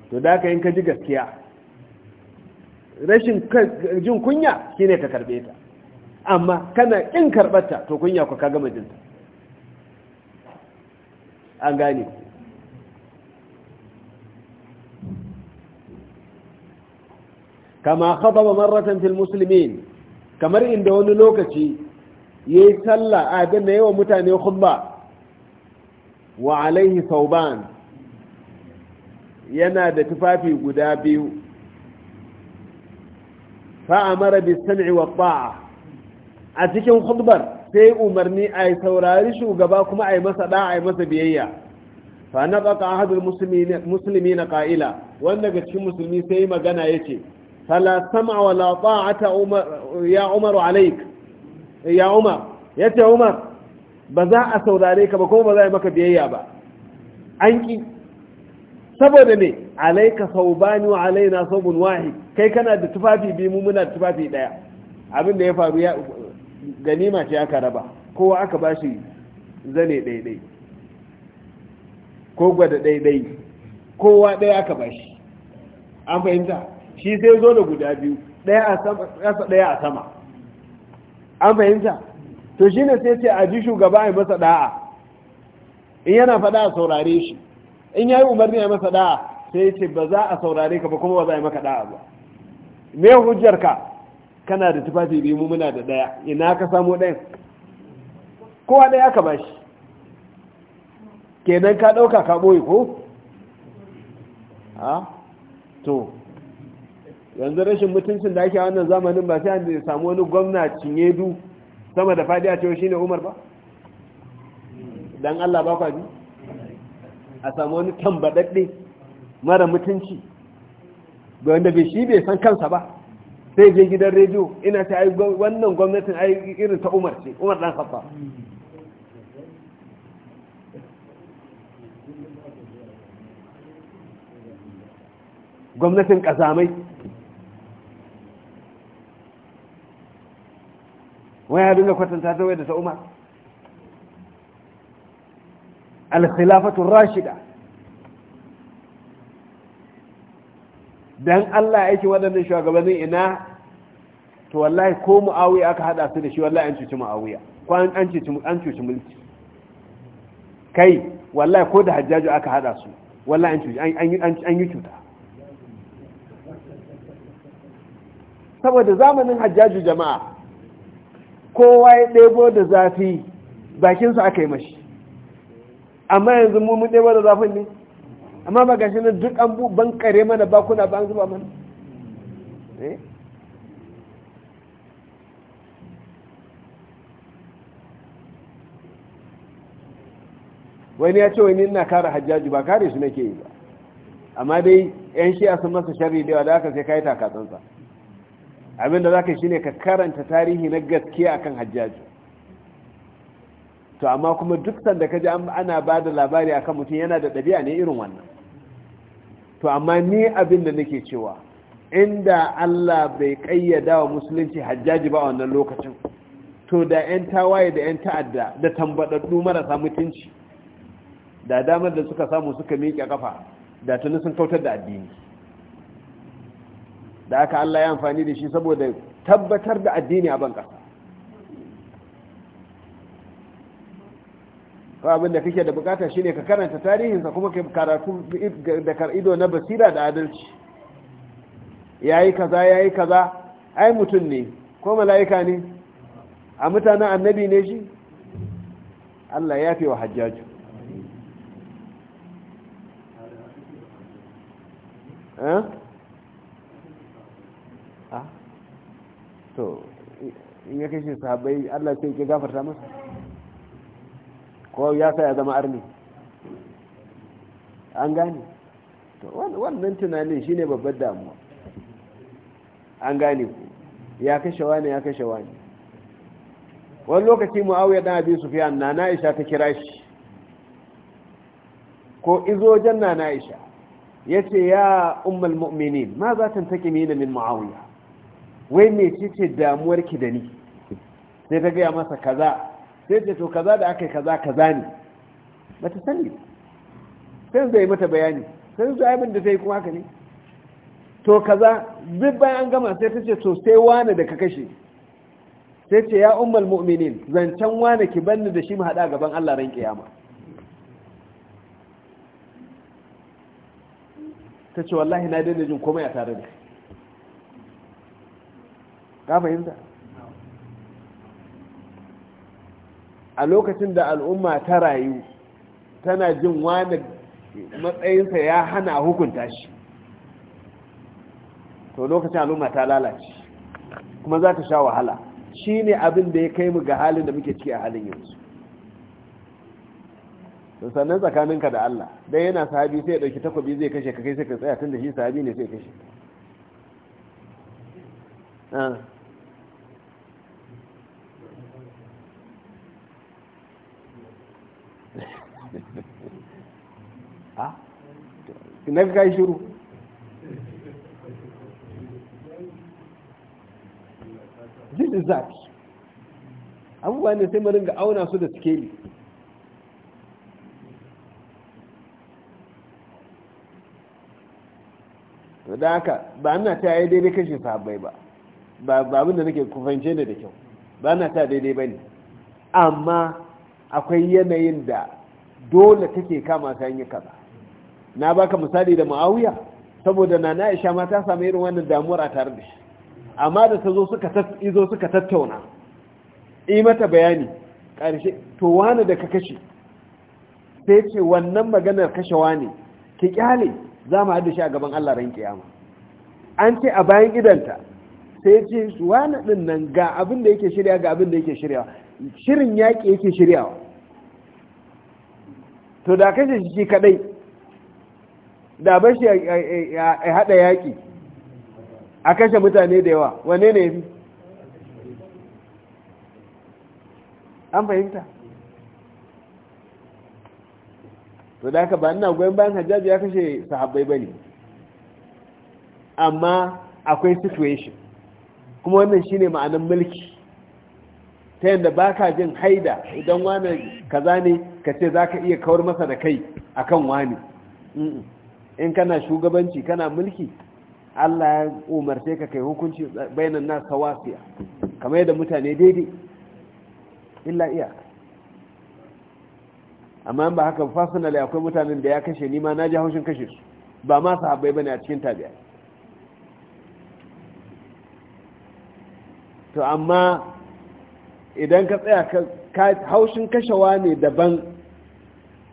to da ka yin ka ji gaskiya rashin jin kunya shine ka karbe ta amma kana in karbata to kunya ku ka gama jinta an gane kama khataba marratan fil muslimin kamar inda wani lokaci yayi sallah a da wa mutane khutba wa alaihi sauban yana da tufafi guda biyu fa'amara bi sam'i wa ta'a a cikin khutbar sai umarni a saurari shugaba kuma a yi masa da a yi masa biyayya fa na ahadul musulmi na ƙa'ila wanda ga cikin musulmi sai magana ya ce fala sam'a wa la ta'ata ya umar alaik ya umar yace umar ba za a saurare ka ba kuma ba za maka biyayya ba an ki saboda ne alaika bani wa alaina saubun wahi kai kana da tufafi biyu mu muna da tufafi daya abinda ya faru ya ganima ce aka raba kowa aka bashi zane daidai ko gwada daidai kowa daya aka bashi an fahimta shi sai zo da guda biyu ɗaya a sama, ɗaya a sama an fahimta to shi ne sai ce a ji shugaba a masa da'a in yana faɗa a saurare shi in ya yi umarni a masa da'a sai ce ba za a saurare ka ba kuma ba za a yi maka da'a ba me hujjar ka kana da tufafi biyu mu muna da ɗaya ina ka samo ɗayan kowa ɗaya ka bashi kenan ka ɗauka ka ɓoye ko? ha? Ah, to yanzu rashin mutuncin da ake wannan zamanin ba sai an samu wani gwamna cinye du sama da fadi a cewa shine Umar ba don Allah ba kwaji a samu wani tambadadde mara mutunci ga wanda bai shi bai san kansa ba sai je gidan rediyo ina ta yi wannan gwamnatin ai irin ta Umar ce Umar ɗan Khattab gwamnatin ƙazamai. wani ya dinga kwatanta ta wai da ta umar alkhilafatun rashida Don Allah yake waɗannan shugabannin ina to wallahi ko mu'awiya aka haɗa su da shi wallahi an cuci mu'awiya ko an cuci mulki kai wallahi ko da hajjaju aka haɗa su wallahi an yi cuta saboda zamanin hajjaju jama'a kowa ya ɗebo da zafi bakinsa aka yi mashi amma yanzu mu mun ɗebo da zafin ne amma ba gashi na duk an ban kare mana bakuna ba an zuba mana eh? wani ya ce wani ina kare hajjaji ba kare su nake yi ba amma dai 'yan shi a sun masa shari da yawa da aka sai ka yi abin da za ka shi ne ka karanta tarihi na gaskiya akan hajjaji to amma kuma duk sanda ka ji ana ba da labari a kan mutum yana da ɗabi'a ne irin wannan to amma ni abin da nake cewa inda Allah bai ƙayyada wa musulunci hajjaji ba a wannan lokacin to da 'yan tawaye da 'yan ta'adda da tambaɗaɗɗu marasa mutunci da damar da suka samu suka miƙe ƙafa da tuni sun kautar da addini da aka Allah ya amfani da shi saboda tabbatar da addini a bankasa ƙasa abin da kake da bukata ne ka karanta tarihinsa kuma ka karatu da karido na basira da adalci yayi kaza yayi kaza ai mutum ne ko mala'ika ne a mutanen annabi ne shi Allah ya fi wa hajjaju eh to in ya kashe sahabbai Allah sai ke gafarta masa ko ya sa ya zama arni an gane to wannan tunanin shine babbar damuwa an gane ku ya kashe wani ya kashe wani wani lokaci mu'awiyar dan su sufyan na na'isha ta kira shi ko izo jan na na'isha ya ce ya ummul mu'minin ma za ta take min mu'awiya wai me ce damuwarki da ni sai ta gaya masa kaza sai ce to kaza da aka yi kaza kaza ne ba ta sani sai zai mata bayani sai zai abin da ta yi kuma haka ne to kaza duk bayan an gama sai ta ce to sai wane da ka kashe sai ce ya ummal mu'minin zancen wane ki banni da shi mu hada gaban Allah ran kiyama ta ce wallahi na daina jin komai a tare da shi ka fahimta a lokacin da al'umma ta rayu tana jin wani matsayinsa ya hana hukunta shi to lokacin al'umma ta lalace kuma za ta sha wahala shi ne abin da ya kai mu ga halin da muke ciki a halin yanzu to sannan tsakaninka da Allah dai yana sahabi sai ya dauki takobi zai kashe ka kai sai ka tsaya tun da shi sahabi ne sai ya kashe ka ah. ha na ga shiru jin zaki? abubuwa ne sai mu ringa auna su da sikeli da haka ba na ta yi daidai kashe sahabbai ba ba abinda nake kufance ne da kyau ba na ta daidai ba ne amma akwai yanayin da dole take kama ta yi kaza na baka misali da ma'awiya saboda na na isha ma ta samu irin wannan damuwar a tare da shi amma da ta zo suka izo suka tattauna yi mata bayani ƙarshe to wani da ka kashe sai ce wannan maganar kashe wani ki kyale za mu haɗu shi a gaban Allah ran kiyama an ce a bayan gidanta sai ce wani ɗin nan ga abin da yake shirya ga abin da yake shirya shirin yaƙi yake shiryawa to da kashe shi kadai da bashi a hada yaki a kashe mutane da yawa wane ne fi? an fahimta to da haka ba ina goyon bayan hajjaji ya kashe sahabbai bane amma akwai situation kuma wannan shine ma'anin mulki ta yadda ba ka jin haida idan wani kaza ne ka ce za ka iya kawar masa da kai a kan wani in kana shugabanci kana mulki allah ya umarce ka kai hukunci bayanan na sawasiya kamar yadda mutane daidai illa iya amma ba haka fasinali akwai mutanen da ya kashe nima na ji haushin kashe su ba ma ba ne a cikin tabi'a to amma idan ka tsaya haushin kashewa ne daban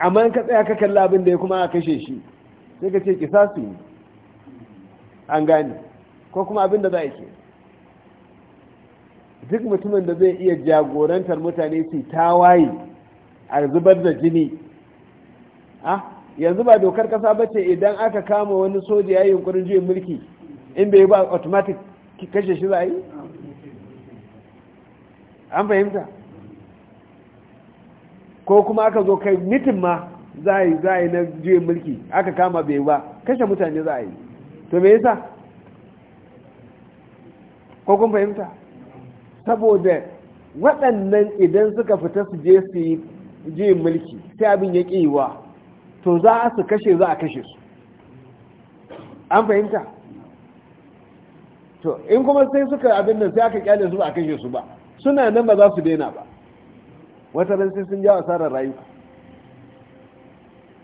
amma in ka tsaya ka kalla abin da ya kuma a kashe shi sai ka ce kisasu ne an gane ko kuma abin da za a ke duk mutumin da zai iya jagorantar mutane su tawaye a zubar da jini ah yanzu ba dokar kasa ba ce idan aka kama wani soja ya yi yunkurin juyin mulki in bai ba automatic kashe shi za a yi an fahimta ko kuma aka zo kai mitin ma za a yi za a yi na juyin mulki aka kama bai ba kashe mutane za a yi to me yasa ko kun fahimta saboda waɗannan idan suka fita su je su yi juyin mulki sai abin ya wa to za a su kashe za a kashe su an fahimta to in kuma sai suka abin nan sai aka kyale su ba a kashe su ba suna nan ba za su daina ba wata ran sai sun ja asarar rayuka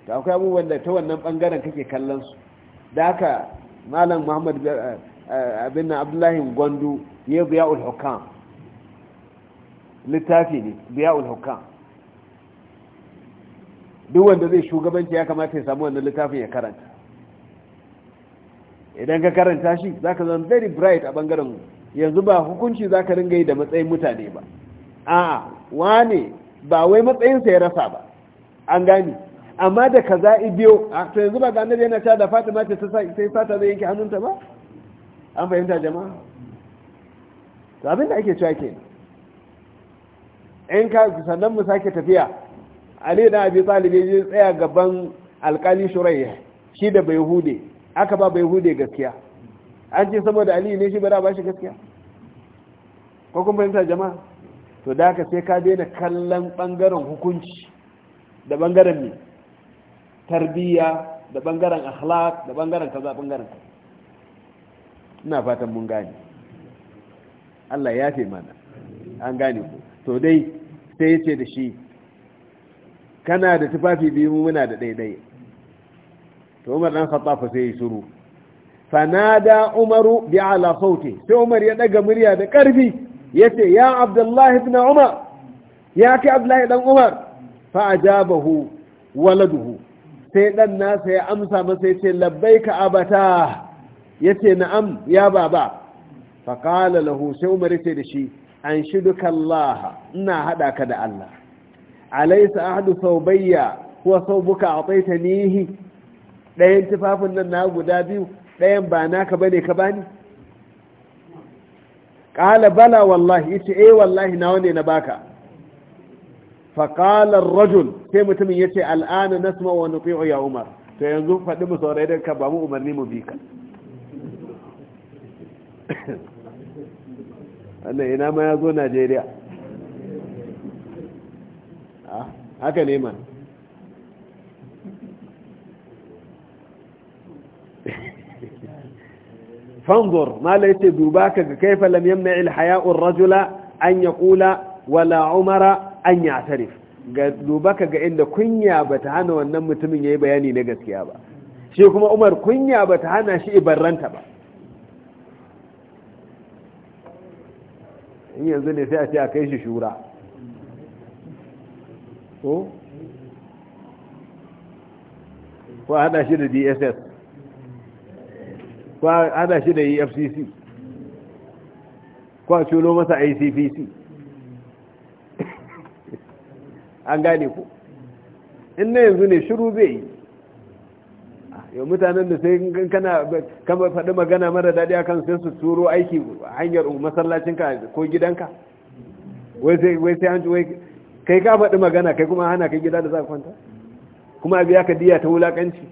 ta akwai abubuwan da ta wannan bangaren kake kallon su da aka malam muhammad eh, eh, abin abdullahi gwandu ya biya ulhukam littafi ne biya ulhukam duk wanda zai shugabanci ya kamata ya samu wannan littafin ya karanta idan ka karanta shi za ka zama very bright a bangaren yanzu ba hukunci za ka ringa yi da matsayin mutane ba a'a wane ba wai matsayinsa ya rasa ba an gani amma da ka za a to yanzu ba ga annabi yana cewa da Fatima ce sai sata zai yanke hannunta ba an fahimta jama'a to abinda ake cewa kenan in ka sannan mu sake tafiya Ali da Abi Talib ya tsaya gaban alkali Shuraiya shi da bai hude aka ba bai hude gaskiya an ce saboda Ali ne shi bara ba shi gaskiya ko kun fahimta jama'a to da haka sai ka daina kallon ɓangaren hukunci da ɓangaren mai tarbiyya da ɓangaren akhlaq da ɓangaren kaza ɓangaren kaza ina fatan mun gane Allah ya fi mana an gane ku to dai sai ya ce da shi kana da tufafi biyu muna da ɗaiɗai to umar ɗan khattafa sai ya shuru nada umaru bi ala sauti sai umar ya ɗaga murya da ƙarfi yace ya abdullahi bin umar ya kai abdullahi dan umar fa ajabahu waladuhu sai dan nasa ya amsa masa yace labbaika abata yace na'am ya baba fa kala lahu sai umar yace da shi an duka Allah ina hada ka da Allah alaysa ahadu a huwa sawbuka nihi ɗayan tufafin nan na guda biyu ɗayan ba naka bane ka bani ƙala bala wallahi ita eh wallahi na wane na baka faƙalar rajul sai mutumin ya ce al'ana na suma wa nufi'u ya umar to yanzu faɗi mu saurai ka ba mu umarni mu bi ka wannan ina ma ya zo najeriya haka ne mana fanzur mala yace duba ka ga kaifa lam yamna al haya'u rajula an yaqula wala umara an ya'tarif ga duba ka ga inda kunya bata hana wannan mutumin yayi bayani na gaskiya ba shi kuma Umar kunya bata hana shi ibarranta ba in yanzu ne sai a ce a kai shi shura ko ko a hada shi da dss ko ana shi da efcc ko a culo masa I.C.P.C an gane ku in na yanzu ne shiru zai yi ah, yau mutanen da sai kana kama faɗi magana mara daɗi a kan sai su turo aiki hanyar masallacinka ko gidanka wai sai an wai kai ka faɗi magana kai kuma hana kai gida da za kwanta kuma biya ka diya ta wulaƙanci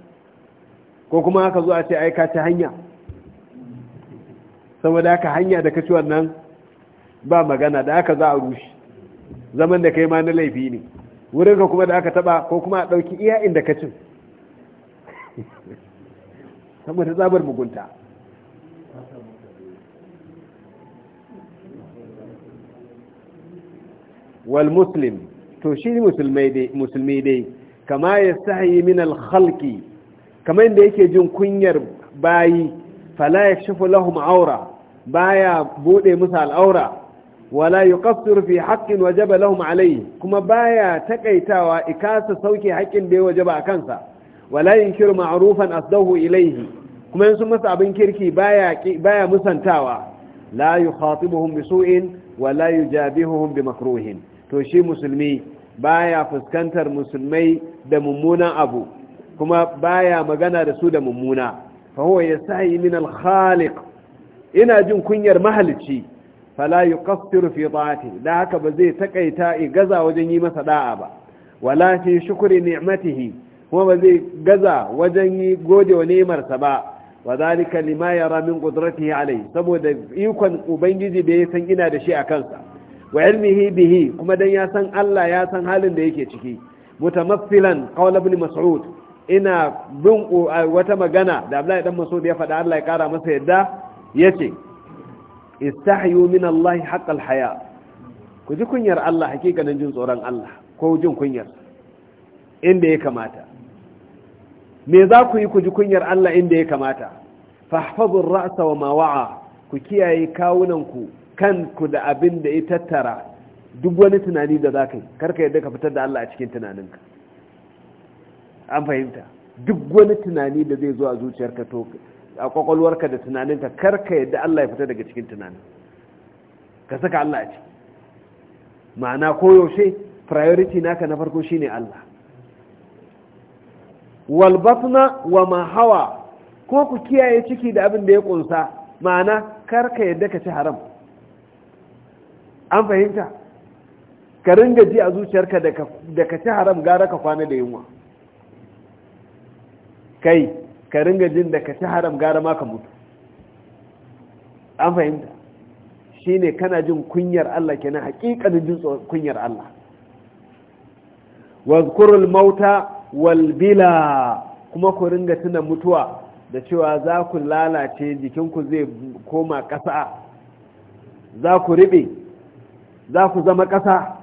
ko kuma haka zuwa ce aika ta hanya saboda haka hanya da kaci wannan ba magana da aka za a rushe zaman da kai ma na laifi ne wurinka kuma da aka taba ko kuma a ɗauki iya inda kacin saboda tsabar mugunta wal muslim to shi musulmi dai kama ya sahi min alhalki kama inda yake jin kunyar bayi fala ya shafi lahum aura baya bude musu al'aura wala yuqassiru fi haqqin wajaba lahum alayhi kuma baya takaitawa ikasa sauke haƙƙin da wajaba a kansa wala yunkiru ma'rufan asdahu ilayhi kuma in masa abin kirki baya baya musantawa la yukhatibuhum bisu'in wala yujabihuhum bimakruhin to shi musulmi baya fuskantar musulmai da mummunan abu kuma baya magana da su da mummuna fa huwa yasayi min al-khaliq ina jin kunyar mahalici fala yuqassiru fi ta'ati da haka ba zai takaita i gaza wajen yi masa da'a ba wala fi shukri ni'matihi kuma ba zai gaza wajen yi gode wa sa ba wa zalika lima yara min qudratihi alai saboda ikon ubangiji da ya san ina da shi a kansa wa ilmihi bihi kuma dan ya san Allah ya san halin da yake ciki mutamaffilan qawl ibn mas'ud ina bin uh, wata magana da Abdullahi dan Mas'ud ya faɗa Allah ya kara masa yadda yace istahyu min Allah haqqal haya ku ji kunyar Allah hakikanin jin tsoron Allah ko jin kunyar inda ya kamata me za ku yi ku ji kunyar Allah inda ya kamata fahfazu rasa wa ma wa'a ku kiyaye kawunan ku kan ku da abin da ya tattara duk wani tunani da za ka yi karka yadda ka fitar da Allah a cikin tunaninka an fahimta duk wani tunani da zai zo a zuciyarka to a kwakwalwarka da tunaninka karka yadda Allah ya fita daga cikin tunanin ka saka Allah a ciki ma'ana koyaushe priority naka na farko shine Allah walbatna wa mahawa ko ku kiyaye ciki da abin da ya kunsa ma'ana karka yadda ka ci haram an fahimta ka ringa ji a zuciyarka da ka ci haram gara ka kwana da yunwa kai ka ringa jin da ka ci haram gara ma ka mutu an fahimta shi ne kana jin kunyar Allah kenan hakikanin jin kunyar Allah wazkurul mauta walbila kuma ku ringa tuna mutuwa da cewa za ku lalace jikinku zai koma ƙasa za ku riɓe za ku zama ƙasa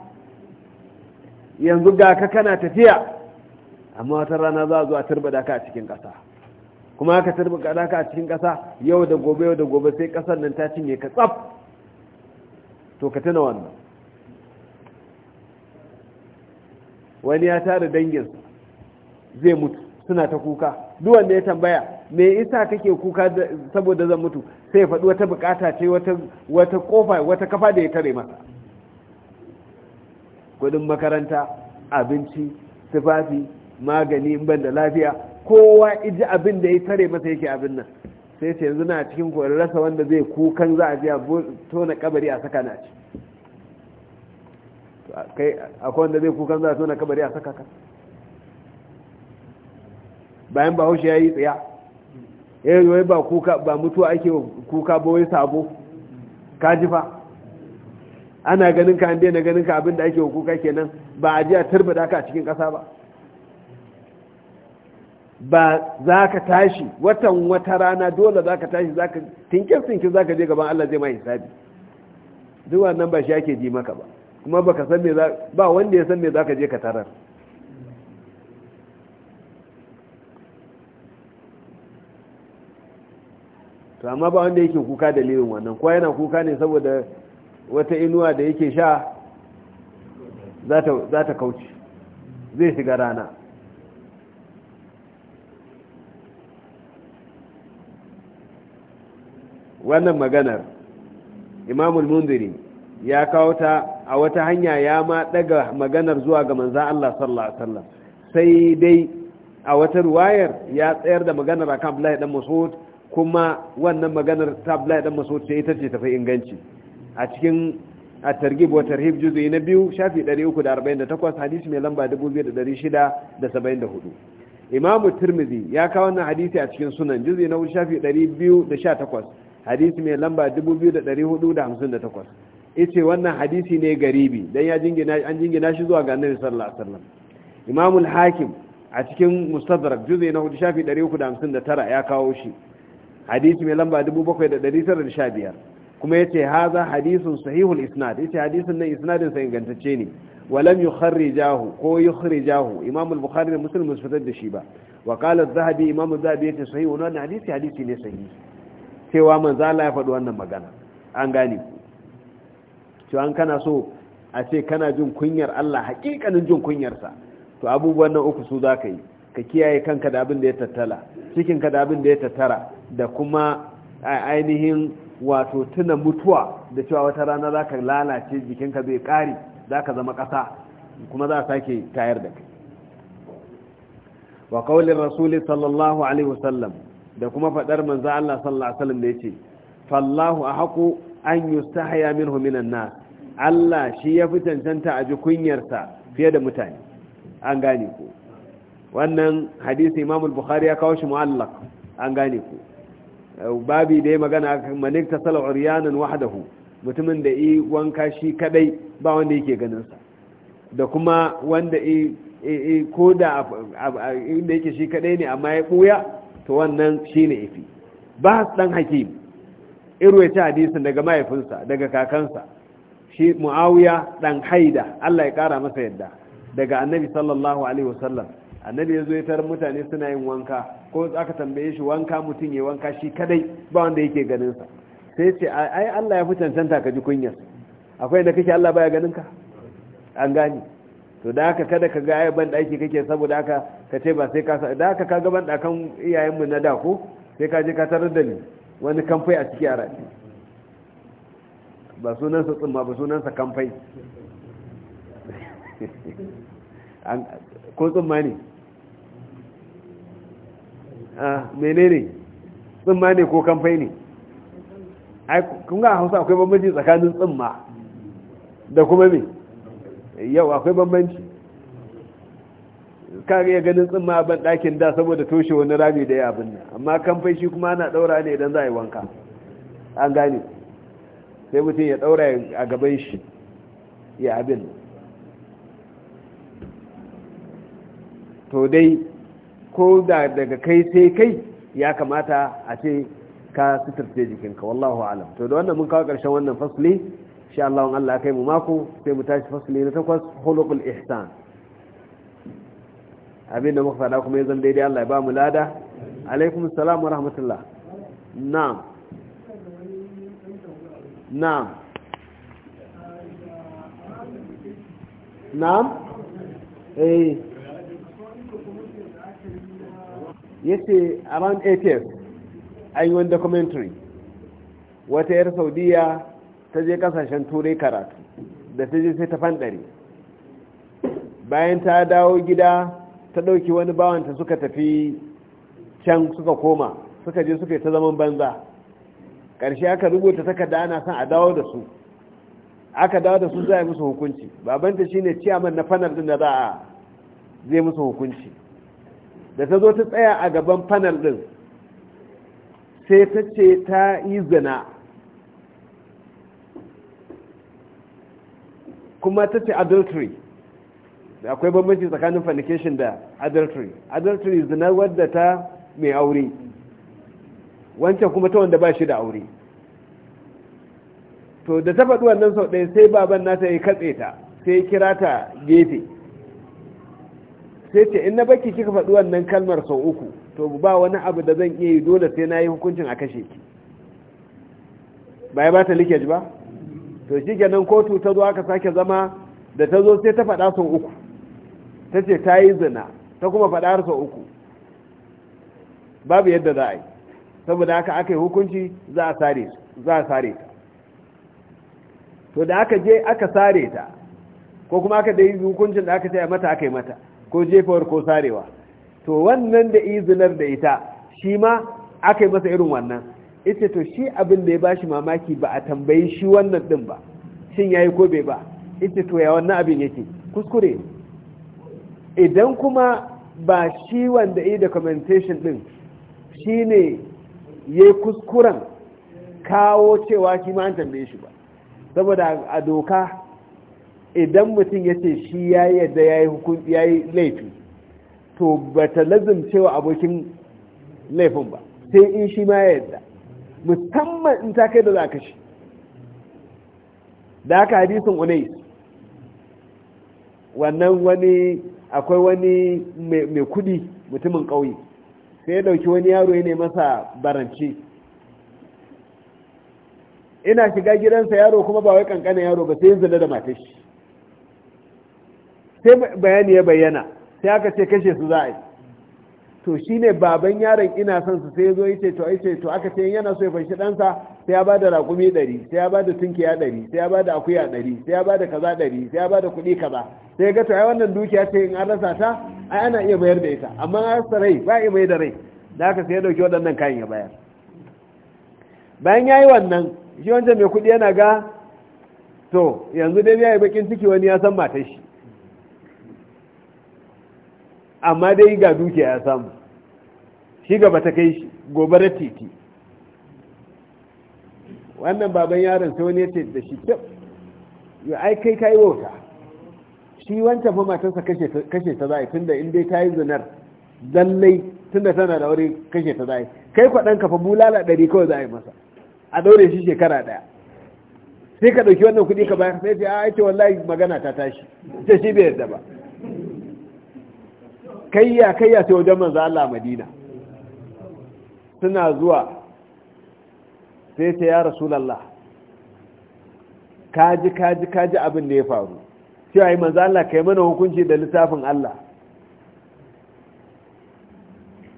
yanzu ga ka kana tafiya amma wata rana za a zuwa da ka a cikin ƙasa kuma tarbi tarbuka naka a cikin kasa yau da gobe yau da gobe sai kasar nan ta cinye ka tsaf to ka tuna wannan wani ya tara dangin zai mutu suna ta kuka duk wanda ya tambaya me isa kake kuka saboda zan mutu sai faɗi wata bukata ce wata kofa wata kafa da ya tare masa kudin makaranta abinci tufafi magani ban da lafiya kowa iji abin da ya tare masa yake abin nan sai ce yanzu na cikin koyar rasa wanda zai kukan za a biya tona kabari a saka na ci akwai wanda zai kukan za a tona kabari a saka ka bayan bahaushe ya yi tsaya ya eh, yi ba kuka ba mutuwa ake kuka ba wai sabo ka ji fa ana ganin ka an daina ganin ka abin da ake kuka kenan ba a ji a turbada ka a cikin ƙasa ba ba za ka tashi watan wata rana dole za ka tashi za ka tinkin-tinkin za ka je gaban Allah zai ma hisabi duk wannan ba shi ake ji maka ba kuma ba ka san me za ba wanda ya san me za ka je ka tarar to amma ba wanda yake kuka dalilin wannan kuwa yana kuka ne saboda wata inuwa da yake sha za ta kauce zai shiga rana wannan maganar imamul munziri ya kawo ta a wata hanya ya ma daga maganar zuwa ga manza Allah sallallahu alaihi wasallam sai dai a wata ruwayar ya tsayar da maganar akan Abdullahi dan Mas'ud kuma wannan maganar ta Abdullahi dan Mas'ud ce ita ce tafi inganci a cikin at-targhib wa tarhib juz'i na biyu shafi 348 hadisi mai lamba 2674 imamu tirmidhi ya kawo wannan hadisi a cikin sunan juz'i na shafi 218 hadisi mai lamba 2458 ice wannan hadisi ne garibi dan ya jingina an jingina shi zuwa ga annabi sallallahu alaihi wasallam imam al-hakim a cikin mustadrak juz'i na hudu shafi 359 ya kawo shi hadisi mai lamba 7915 kuma yace haza hadisun sahihul isnad yace hadisin nan isnadin sa ingantacce ne ko ولم bukhari da يخرجاه امام da shi ba فتد شي با zahabi الذهبي امام الذهبي يتي صحيح وانا hadisi hadisi ne sahihi. cewa manzo Allah ya faɗi wannan magana an gane ku to an kana so a ce kana jin kunyar Allah hakikanin jin kunyar sa to abubuwan nan uku su za yi ka kiyaye kanka da abin da ya tattala cikin ka da abin da ya tattara da kuma ainihin wato tuna mutuwa da cewa wata rana za ka lalace jikinka zai kare zaka zama kasa kuma za a sake tayar da kai wa qaulir rasul sallallahu alaihi wasallam da kuma faɗar manzo Allah sallallahu alaihi wasallam da yace fallahu ahqu an yustahya minhu minan nas Allah shi ya fi cancanta a ji kunyarsa fiye da mutane an gane ku wannan hadisi Imam al-Bukhari ya kawo shi mu'allaq an gane ku babi da ya magana manik ta sala wahdahu mutumin da yi wanka shi kadai ba wanda yake ganin sa da kuma wanda yi ko da inda yake shi kadai ne amma ya buya to wannan shi ne ifi ba dan hakim ci hadisin daga mahaifinsa daga kakansa shi muawiya dan haida Allah ya kara masa yadda daga annabi sallallahu alaihi wasallam annabi zo ya tar mutane suna yin wanka ko aka tambaye shi wanka mutum ya wanka shi kadai ba wanda yake ganinsa sai ce ai Allah ya fi cancanta ka ji kunyar akwai da kake Allah baya ganin ka an gani to da haka kada ka ga ban daki kake saboda haka ka ce ba sai ka sa da haka ka ga ban dakan iyayenmu na da ko sai ka je ka tarar da ni wani kamfai a ciki a ba ba sunansa tsumma ba sunansa kamfai ko tsumma ne a ah, menene tsumma ne ko kamfai ne ai kun ga hausa akwai bambanci tsakanin tsumma da kuma me yau akwai bambanci ka iya ganin tsimma a ban ɗakin da saboda toshe wani rami da ya abin nan amma kamfai shi kuma ana ɗaura ne idan za a yi wanka an gane sai mutum ya ɗaura a gaban shi ya abin to dai ko da daga kai sai kai ya kamata a ce ka suturce jikinka wallahu alam to da wannan mun kawo ƙarshen wannan fasli Shi Allah wani Allah kai mu mako sai mu tashi fasali na takwas hulqul ihsan abinda muka fada kuma yanzu daidai Allah ya ba mu lada alaikum salam wa rahmatullah na'am na'am na'am eh yace around 8 years an yi wani documentary wata yar saudiya ta je kasashen turai karatu da ta je sai ta fanɗari bayan ta dawo gida ta ɗauki wani bawanta suka tafi can suka koma suka je suka yi ta zaman banza ƙarshe aka rubuta takarda ana son a dawo da su aka dawo da su za a musu hukunci babanta shine ciyaman na fanar din da za a zai musu hukunci da ta zo ta tsaya a gaban fanar din sai ta ce ta yi zina kuma ta ce adultery akwai bambanci tsakanin fornication da adultery adultery zina wadda ta mai aure wancan kuma ta wanda ba shi da aure to da ta faɗi wannan sau ɗaya sai baban nata ya katse ta sai kira ta gefe sai ce in na baki kika faɗi wannan kalmar sau uku to ba wani abu da zan iya yi dole sai na yi hukuncin a kashe ki ba ya ba ta likeji ba to shi ganin kotu ta zo aka sake zama da ta zo sai ta faɗa sau uku ta ce ta yi zina ta kuma faɗa sau uku babu yadda za a yi saboda haka aka yi hukunci za a sare ta to da aka je aka sare ta ko kuma aka da yi hukuncin da aka ce mata aka yi mata ko jefawar ko sarewa to wannan da izinar da ita shi ma aka yi masa irin wannan ita to shi abin da ya ba shi mamaki ba a tambayi shi wannan din ba shin yayi ko bai ba ita to ya wannan abin yake kuskure idan kuma ba shi wanda yi commentation din shi ne ya kuskuren kawo cewa shi ma an tambaye shi ba saboda a doka idan mutum ya ce shi ya yadda ya yi laifi to ba ta lazim cewa abokin laifin ba sai in shi ma ya yadda musamman in ta kai da za ka shi da haka hadisin unai wannan wani akwai wani mai kudi mutumin ƙauye sai ya dauki wani yaro ne masa baranci ina shiga gidansa yaro kuma ba wai kankana yaro ba sai yin zina da matar sai bayani ya bayyana sai aka ce kashe su za yi to shi ne baban yaron ina son su sai zo yace to yace to aka ce yana so ya fanshi ɗansa sai ya bada raƙumi ɗari sai ya bada tunkiya ɗari sai ya bada akuya ɗari sai ya bada kaza ɗari sai ya bada kuɗi kaza sai ga to ai wannan dukiya ce in an rasa ta ai ana iya bayar da ita amma an rasa rai ba iya bayar da rai da haka sai ya dauki waɗannan kayan ya bayar bayan yayi wannan shi wancan mai kuɗi yana ga to yanzu dai ya yi bakin ciki wani ya san matar shi amma dai ga dukiya ya samu shi gaba ta kai shi gobara titi wannan baban yaron sai wani ya ce da shi kyau ya ai kai kai wauta shi wancan fa matarsa kashe ta za'i tunda in dai ta yi zinar zallai tunda tana da wuri kashe ta za'i kai kwaɗan kafa bulala ɗari kawai za'i masa a ɗaure shi shekara ɗaya sai ka ɗauki wannan kuɗi ka bayar sai ce a ce wallahi magana ta tashi ita shi bai yarda ba kayya kayya ta wajen manzo Allah Madina suna zuwa sai ta ya rasulullah kaji kaji kaji abin da ya faru cewa yi manzo Allah kai mana hukunci da littafin Allah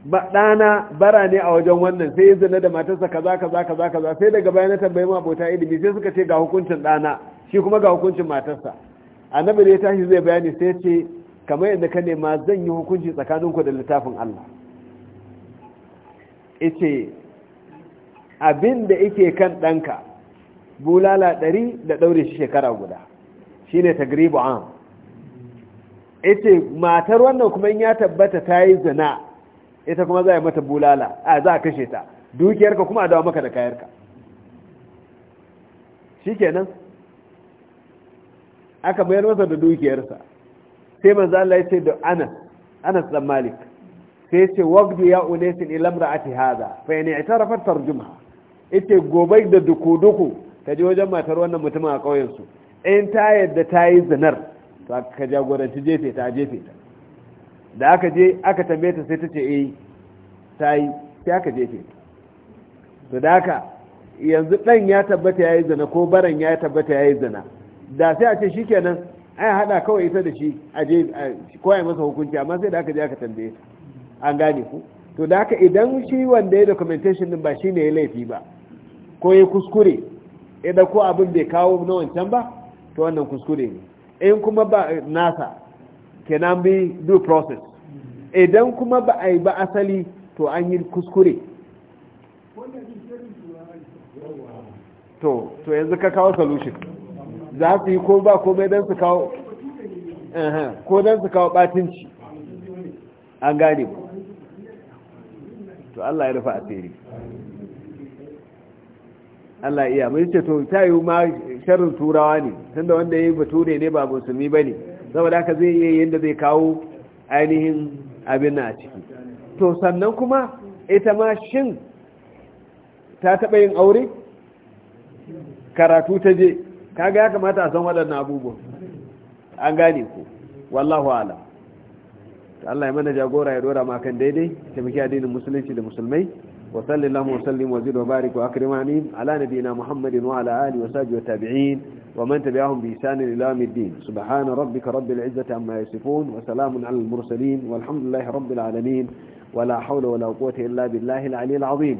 ba ɗana bara ne a wajen wannan sai zina da matarsa kaza kaza kaza kaza sai daga bayan na tambayi mu abota ilimi sai suka ce ga hukuncin dana shi kuma ga hukuncin matarsa annabi da ya tashi zai bayani sai ce kamar yadda ka nema zan yi hukunci tsakaninku da littafin Allah ice abin da ike kan ɗanka bulala ɗari da ɗaure shi shekara guda shi ne tagribu am ita matar wannan kuma ya tabbata ta yi zina ita kuma za a yi mata bulala a za a kashe ta dukiyarka kuma a dawo maka da kayarka shi kenan aka bayar masa da dukiyarsa sai manzo Allah ya ce da Anas Anas dan Malik sai ya ce ya ulaysa ila imra'ati hada fa in i'tarafat tarjuma ita gobai da duku-duku ta je wajen matar wannan mutumin a kauyen su in ta yadda ta yi zinar to aka jagoranci jefe ta jefe ta da aka je aka tambaye ta sai ta ce eh ta yi sai aka jefe ta to da haka yanzu dan ya tabbata yayi zina ko baran ya tabbata yayi zina da sai a ce shikenan ai hada kawai ita da shi a je ko masa hukunci amma sai da aka je aka tambaye an gane ku to da haka idan shi wanda ya documentation din ba shi ne ya laifi ba ko ya kuskure ya ko abin bai kawo na wancan ba to wannan kuskure ne in kuma ba nasa kenan bi due process idan kuma ba a yi ba asali to an yi kuskure to to yanzu ka kawo solution za su yi ko ba komai don su kawo ko don su kawo batinci an gane ba to Allah ya rufa asiri Allah iya mai ce to ta yi ma sharin turawa ne tunda wanda ya yi bature ne ba musulmi ba ne saboda haka zai iya yadda zai kawo ainihin abin a ciki to sannan kuma ita ma shin ta taɓa yin aure karatu ta je kaga ya kamata a san waɗannan abubuwan an gane ku wallahu ala Allah ya mana jagora ya dora makan daidai taimaki addinin musulunci da musulmai wa sallallahu wa sallim wa zid wa barik wa akrimani ala nabiyina muhammadin wa ala alihi wa sahbihi wa tabi'in wa man tabi'ahum bi ihsan ila yawmiddin subhana rabbika rabbil izzati amma yasifun wa salamun alal mursalin walhamdulillahi rabbil alamin ولا حول ولا قوة إلا بالله العلي العظيم